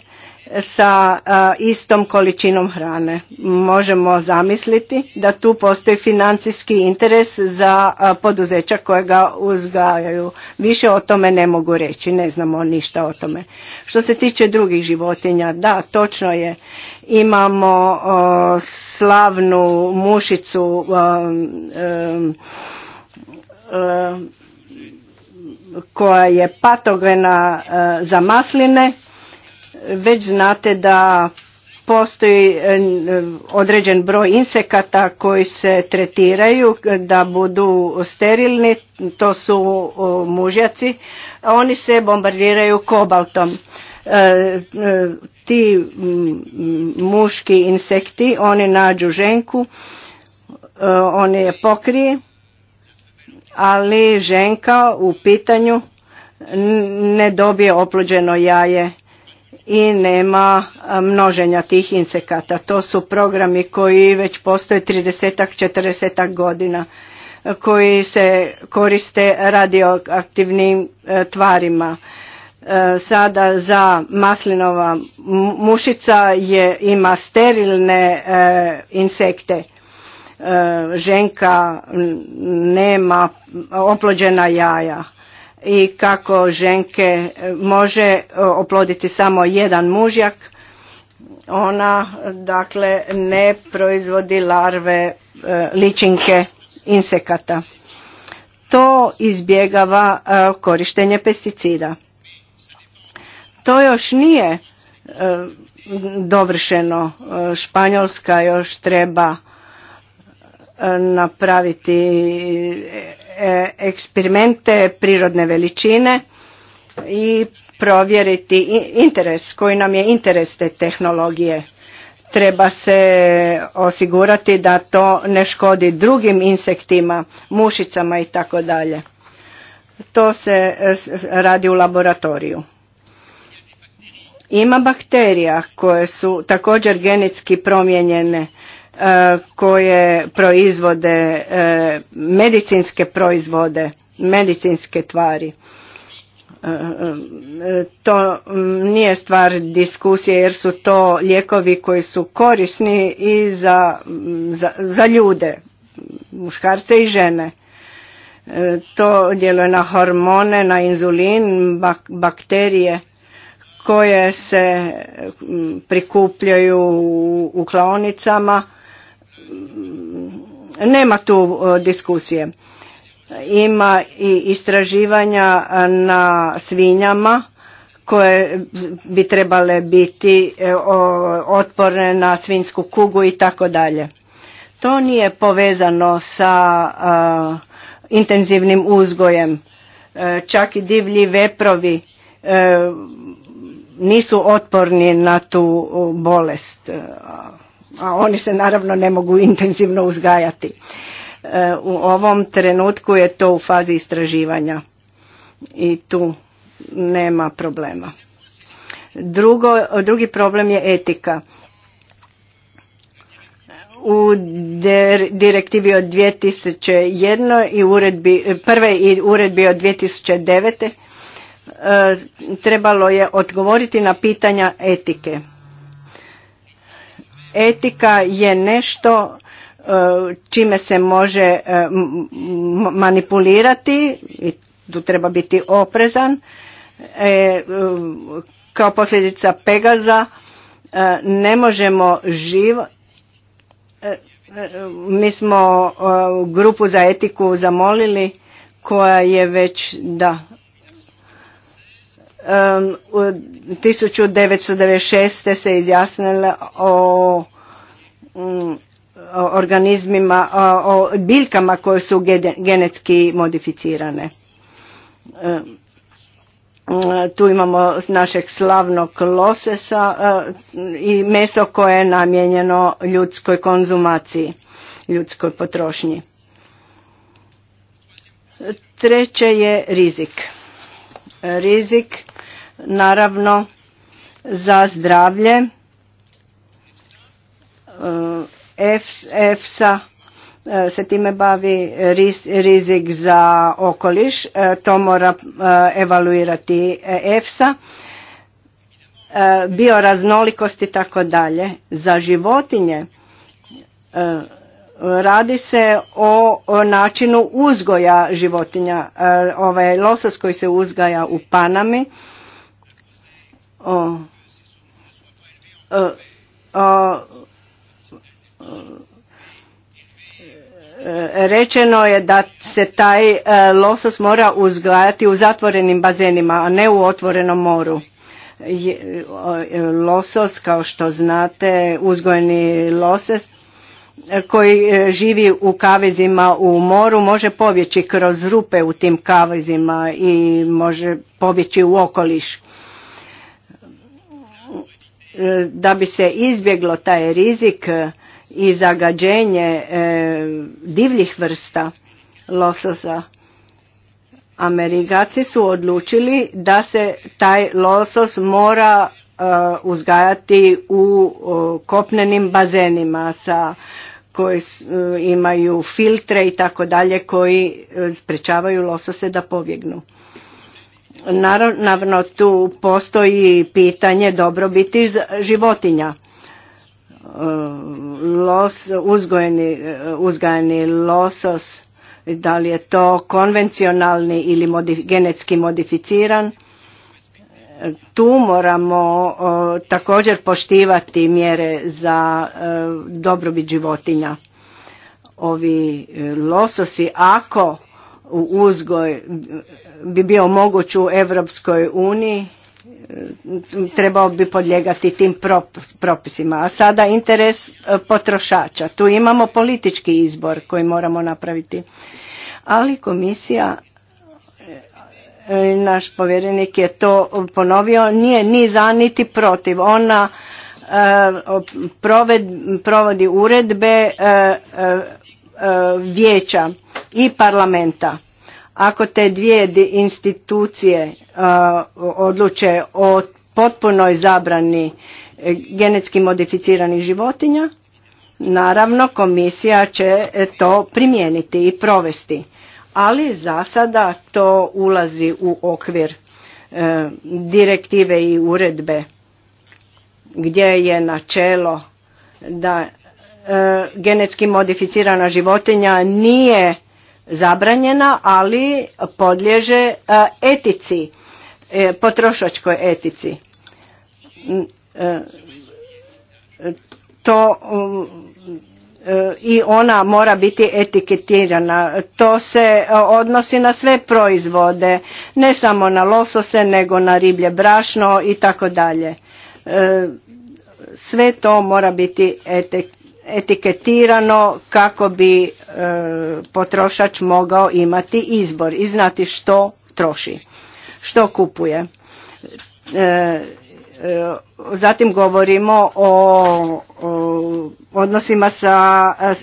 sa istom količinom hrane. Možemo zamisliti da tu postoji financijski interes za poduzeća koje ga uzgajaju. Više o tome ne mogu reći, ne znamo ništa o tome. Što se tiče drugih životinja, da, točno je, imamo slavnu mušicu koja je patogena e, za masline već znate da postoji e, e, određen broj insekata koji se tretiraju da budu sterilni, to su mužjaci, oni se bombardiraju kobaltom. E, ti muški insekti, oni nađu ženku, oni je pokrije, ali ženka u pitanju ne dobije oplođeno jaje i nema množenja tih insekata. To su programi koji već postoje 30 40 godina koji se koriste radioaktivnim tvarima. sada za maslinova mušica je, ima sterilne e, insekte. E, ženka nema oplođena jaja i kako ženke e, može e, oploditi samo jedan mužjak ona dakle ne proizvodi larve e, ličinke insekata to izbjegava korištenje pesticida to još nije dovršeno španjolska još treba napraviti e, eksperimente prirodne veličine i provjeriti interes, koji nam je interes te tehnologije. Treba se osigurati da to ne škodi drugim insektima, mušicama i tako dalje. To se e, radi u laboratoriju. Ima bakterija koje su također genetski promijenjene E, koje proizvode e, medicinske proizvode, medicinske tvari. E, to nije stvar diskusije jer su to lijekovi koji su korisni i za, za, ljude, muškarce i žene. To djeluje na hormone, na inzulin, bakterije koje se prikupljaju u klaonicama nema tu e, diskusije. Ima i istraživanja e, na svinjama koje bi trebale biti e, otporne na svinsku kugu i tako dalje. To nije povezano sa intenzivnim uzgojem. Čak i divlji veprovi nisu otporni na tu bolest a oni se naravno ne mogu intenzivno uzgajati. E, u ovom trenutku je to u fazi istraživanja i tu nema problema. Drugo, drugi problem je etika. U direktivi od 2001 i uredbi, prve i uredbi od 2009 e, trebalo je odgovoriti na pitanja etike Etika je nešto e, čime se može e, manipulirati i tu treba biti oprezan. E, kao posljedica Pegaza ne možemo živ mi smo grupu za etiku zamolili koja je već da 1996. se izjasnila mm, o, organizmima, o, o biljkama koje su genetski modificirane. Tu imamo našeg slavnog losesa e, i meso koje je namijenjeno ljudskoj konzumaciji, ljudskoj potrošnji. Treće je rizik rizik naravno za zdravlje EFSA e, se time bavi rizik za okoliš, e, to mora e, evaluirati EFSA, bioraznolikost i tako dalje. Za životinje Radi se o načinu uzgoja životinja. E, ovaj losos koji se uzgaja u Panami o, e, e, rečeno je da se taj losos mora uzgajati u zatvorenim bazenima, a ne u otvorenom moru. Losos, kao što znate, uzgojeni losos koji e, živi u kavezima u moru može pobjeći kroz rupe u tim kavezima i može pobjeći u okoliš. E, da bi se izbjeglo taj rizik i zagađenje e, divljih vrsta lososa, Amerikaci su odlučili da se taj losos mora Uh, uzgajati u uh, kopnenim bazenima sa koji uh, imaju filtre i tako dalje koji sprečavaju losose da pobjegnu. Naravno tu postoji pitanje dobrobiti životinja. Los, uzgojeni, uzgajeni losos, da li je to konvencionalni ili genetski modificiran, tu moramo također poštivati mjere za e, dobrobit životinja. Ovi e, lososi, ako uzgoj bi bio moguć u Europskoj uniji, e, trebao bi podlijegati tim propisima. A sada interes potrošača. Tu imamo politički izbor koji moramo napraviti. Ali komisija naš povjerenik je to ponovio, nije ni za niti protiv. Ona e, provodi uredbe e, e, vijeća i parlamenta. Ako te dvije institucije odluče o potpunoj zabrani genetski modificiranih životinja, naravno komisija će to primijeniti i provesti ali za sada to ulazi u okvir e, direktive i uredbe gdje je načelo da e, genetski modificirana životinja nije zabranjena, ali podliježe e, etici, potrošačkoj etici. Mm, to E, i ona mora biti etiketirana. To se e, odnosi na sve proizvode, ne samo na losose, nego na riblje brašno i tako dalje. E, sve to mora biti etiketirano kako bi potrošač mogao imati izbor i znati što troši, što kupuje. Zatim govorimo o odnosima sa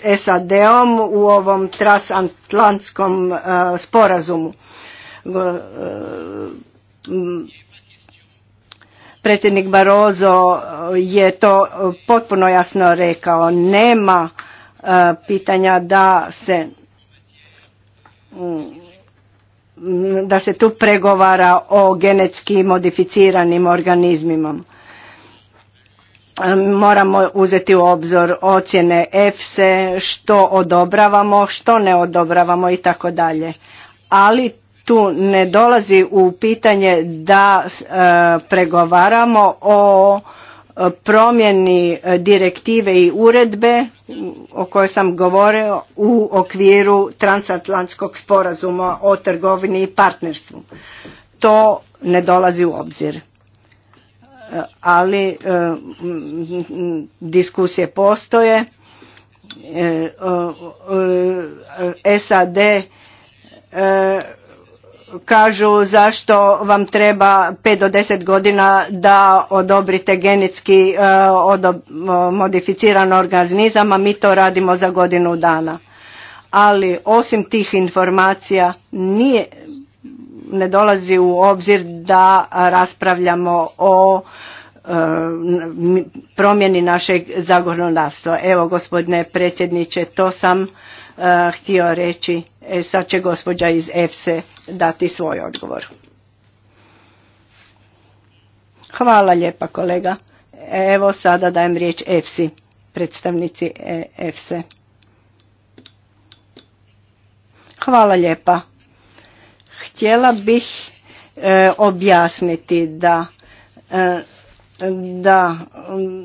eh, SAD-om u ovom transatlantskom eh, sporazumu. Eh, predsjednik Barozo je to potpuno jasno rekao. Nema pitanja da se mm, da se tu pregovara o genetski modificiranim organizmima moramo uzeti u obzor ocjene EFSE, što odobravamo, što ne odobravamo i tako dalje. Ali tu ne dolazi u pitanje da e, pregovaramo o e, promjeni e, direktive i uredbe o kojoj sam govorio u okviru transatlantskog sporazuma o trgovini i partnerstvu. To ne dolazi u obzir ali e, diskusije postoje. E, e, SAD kažu zašto vam treba 5 do 10 godina da odobrite genetski modificiran organizam, a mi to radimo za godinu dana. Ali osim tih informacija nije ne dolazi u obzir da raspravljamo o e, promjeni našeg zakonodavstva. Evo gospodine predsjedniče, to sam e, htio reći. E, sad će gospođa iz EFSE dati svoj odgovor. Hvala lijepa kolega. Evo sada dajem riječ EFSI, predstavnici EFSE. Hvala lijepa Htjela bih e, objasniti da e, da mm,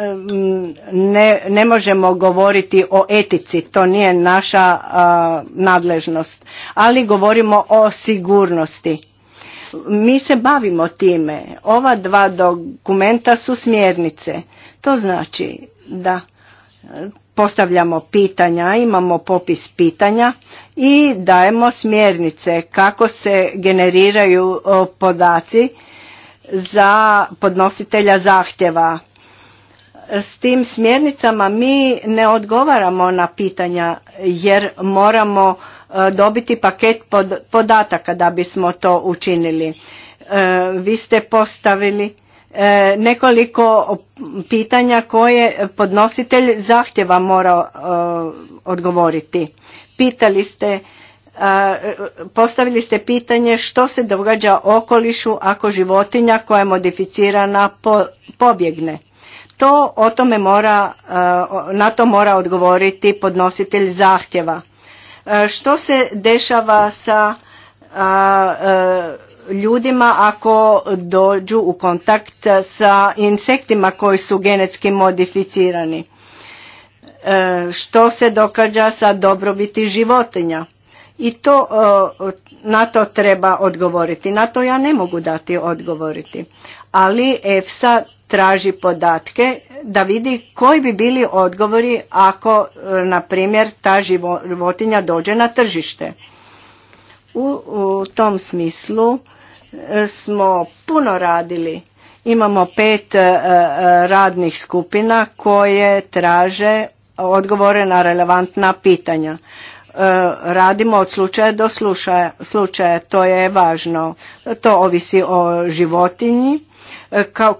e, mm, ne, ne možemo govoriti o etici, to nije naša nadležnost, ali govorimo o sigurnosti. Mi se bavimo time. Ova dva dokumenta su smjernice. To znači da postavljamo pitanja, imamo popis pitanja i dajemo smjernice kako se generiraju podaci za podnositelja zahtjeva. S tim smjernicama mi ne odgovaramo na pitanja jer moramo e, dobiti paket podataka da bismo to učinili. E, vi ste postavili E, nekoliko pitanja koje podnositelj zahtjeva mora e, odgovoriti. Pitali ste, e, postavili ste pitanje što se događa okolišu ako životinja koja je modificirana pobjegne. To o tome mora, na to mora odgovoriti podnositelj zahtjeva. Što se dešava sa ljudima ako dođu u kontakt sa insektima koji su genetski modificirani. E, što se događa sa dobrobiti životinja? I to, e, na to treba odgovoriti. Na to ja ne mogu dati odgovoriti. Ali EFSA traži podatke da vidi koji bi bili odgovori ako, e, na primjer, ta životinja dođe na tržište. u tom smislu smo puno radili. Imamo pet e, e, radnih skupina koje traže odgovore na relevantna pitanja. E, radimo od slučaja do slučaja, to je važno. To ovisi o životinji,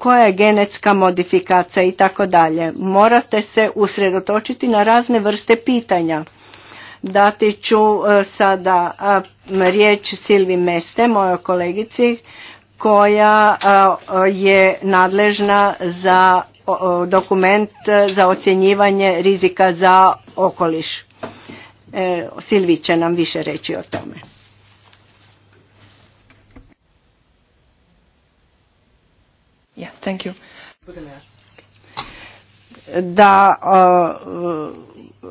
koja je genetska modifikacija i tako dalje. Morate se usredotočiti na razne vrste pitanja Dati ću e, sada riječ Silvi Meste, mojoj kolegici, koja je nadležna za dokument za ocjenjivanje rizika za okoliš. E, Silvi će nam više reći o tome. Da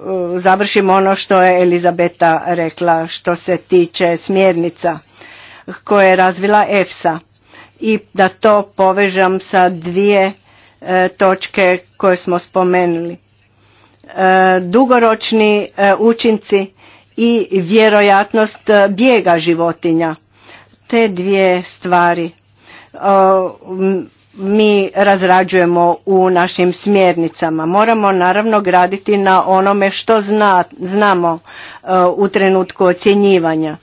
E, završim ono što je Elizabeta rekla što se tiče smjernica koje je razvila EFSA i da to povežam sa dvije e, točke koje smo spomenuli. E, dugoročni učinci i vjerojatnost bijega životinja. Te dvije stvari mi razrađujemo u našim smjernicama. Moramo naravno graditi na onome što znamo e, u trenutku ocjenjivanja.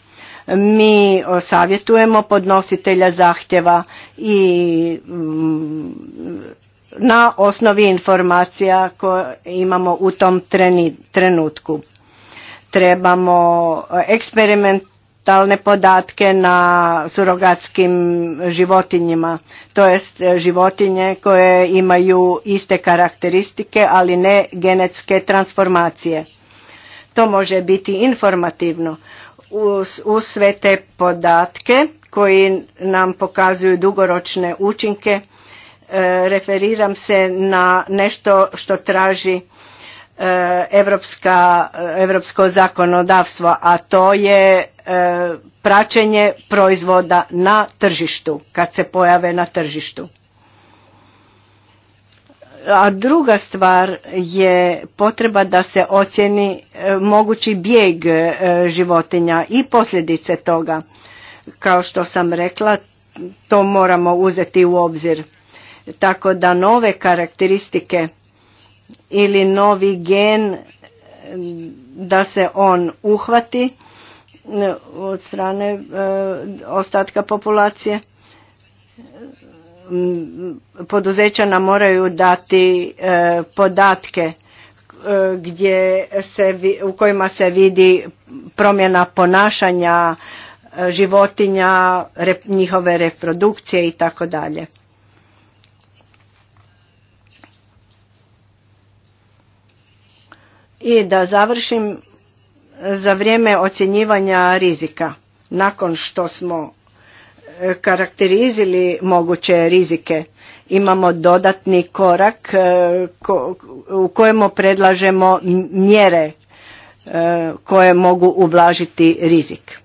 Mi e, savjetujemo podnositelja zahtjeva i mm, na osnovi informacija koje imamo u tom trenutku. Trebamo e, eksperiment talne podatke na surogatskim životinjima, to jest e, životinje koje imaju iste karakteristike, ali ne genetske transformacije. To može biti informativno. Uz, uz sve te podatke koji nam pokazuju dugoročne učinke, e, referiram se na nešto što traži E, evropska, e, evropsko zakonodavstvo, a to je e, praćenje proizvoda na tržištu, kad se pojave na tržištu. A druga stvar je potreba da se ocjeni mogući bijeg životinja i posljedice toga. Kao što sam rekla, to moramo uzeti u obzir. Tako da nove karakteristike ili novi gen eh, da se on uhvati eh, od strane eh, ostatka populacije mm, poduzeća nam moraju dati podatke gdje se, u kojima se vidi promjena ponašanja životinja, njihove reprodukcije i tako dalje. I da završim za vrijeme ocjenjivanja rizika. Nakon što smo e, karakterizili moguće rizike, imamo dodatni korak e, u kojemu predlažemo mjere e, koje mogu ublažiti rizik.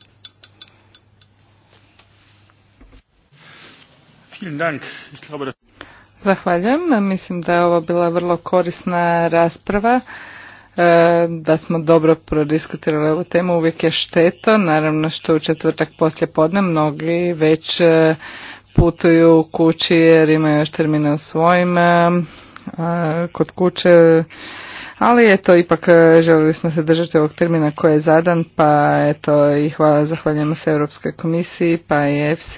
Zahvaljujem. Mislim da je ovo bila vrlo korisna rasprava. E, da smo dobro prodiskutirali ovu temu. Uvijek je šteta, naravno što u četvrtak poslje podne mnogi već e, putuju kući jer imaju još termine u svojim e, kod kuće. Ali eto, ipak želili smo se držati ovog termina koji je zadan, pa eto i hvala, zahvaljujemo se Europskoj komisiji, pa i FC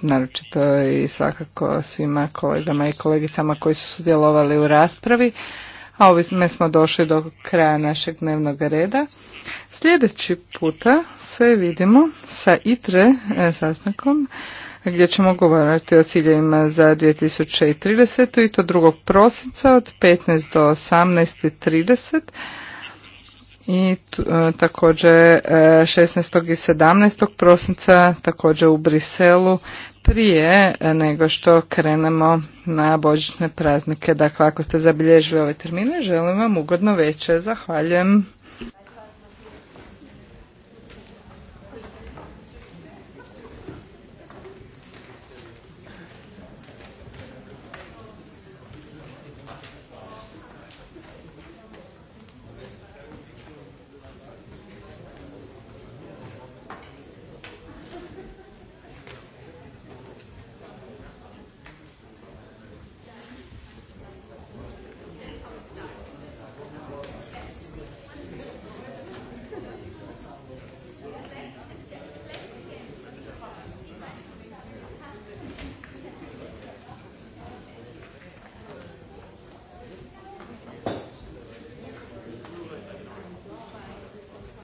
naročito i svakako svima kolegama i kolegicama koji su sudjelovali u raspravi a ovime smo došli do kraja našeg dnevnog reda. Sljedeći puta se vidimo sa ITRE e, sastankom gdje ćemo govoriti o ciljevima za 2030. i to 2. prosinca od 15 do 18.30 i e, također 16. E, i 17. prosinca također u Briselu prije nego što krenemo na božićne praznike. Dakle, ako ste zabilježili ove termine, želim vam ugodno veće. Zahvaljujem.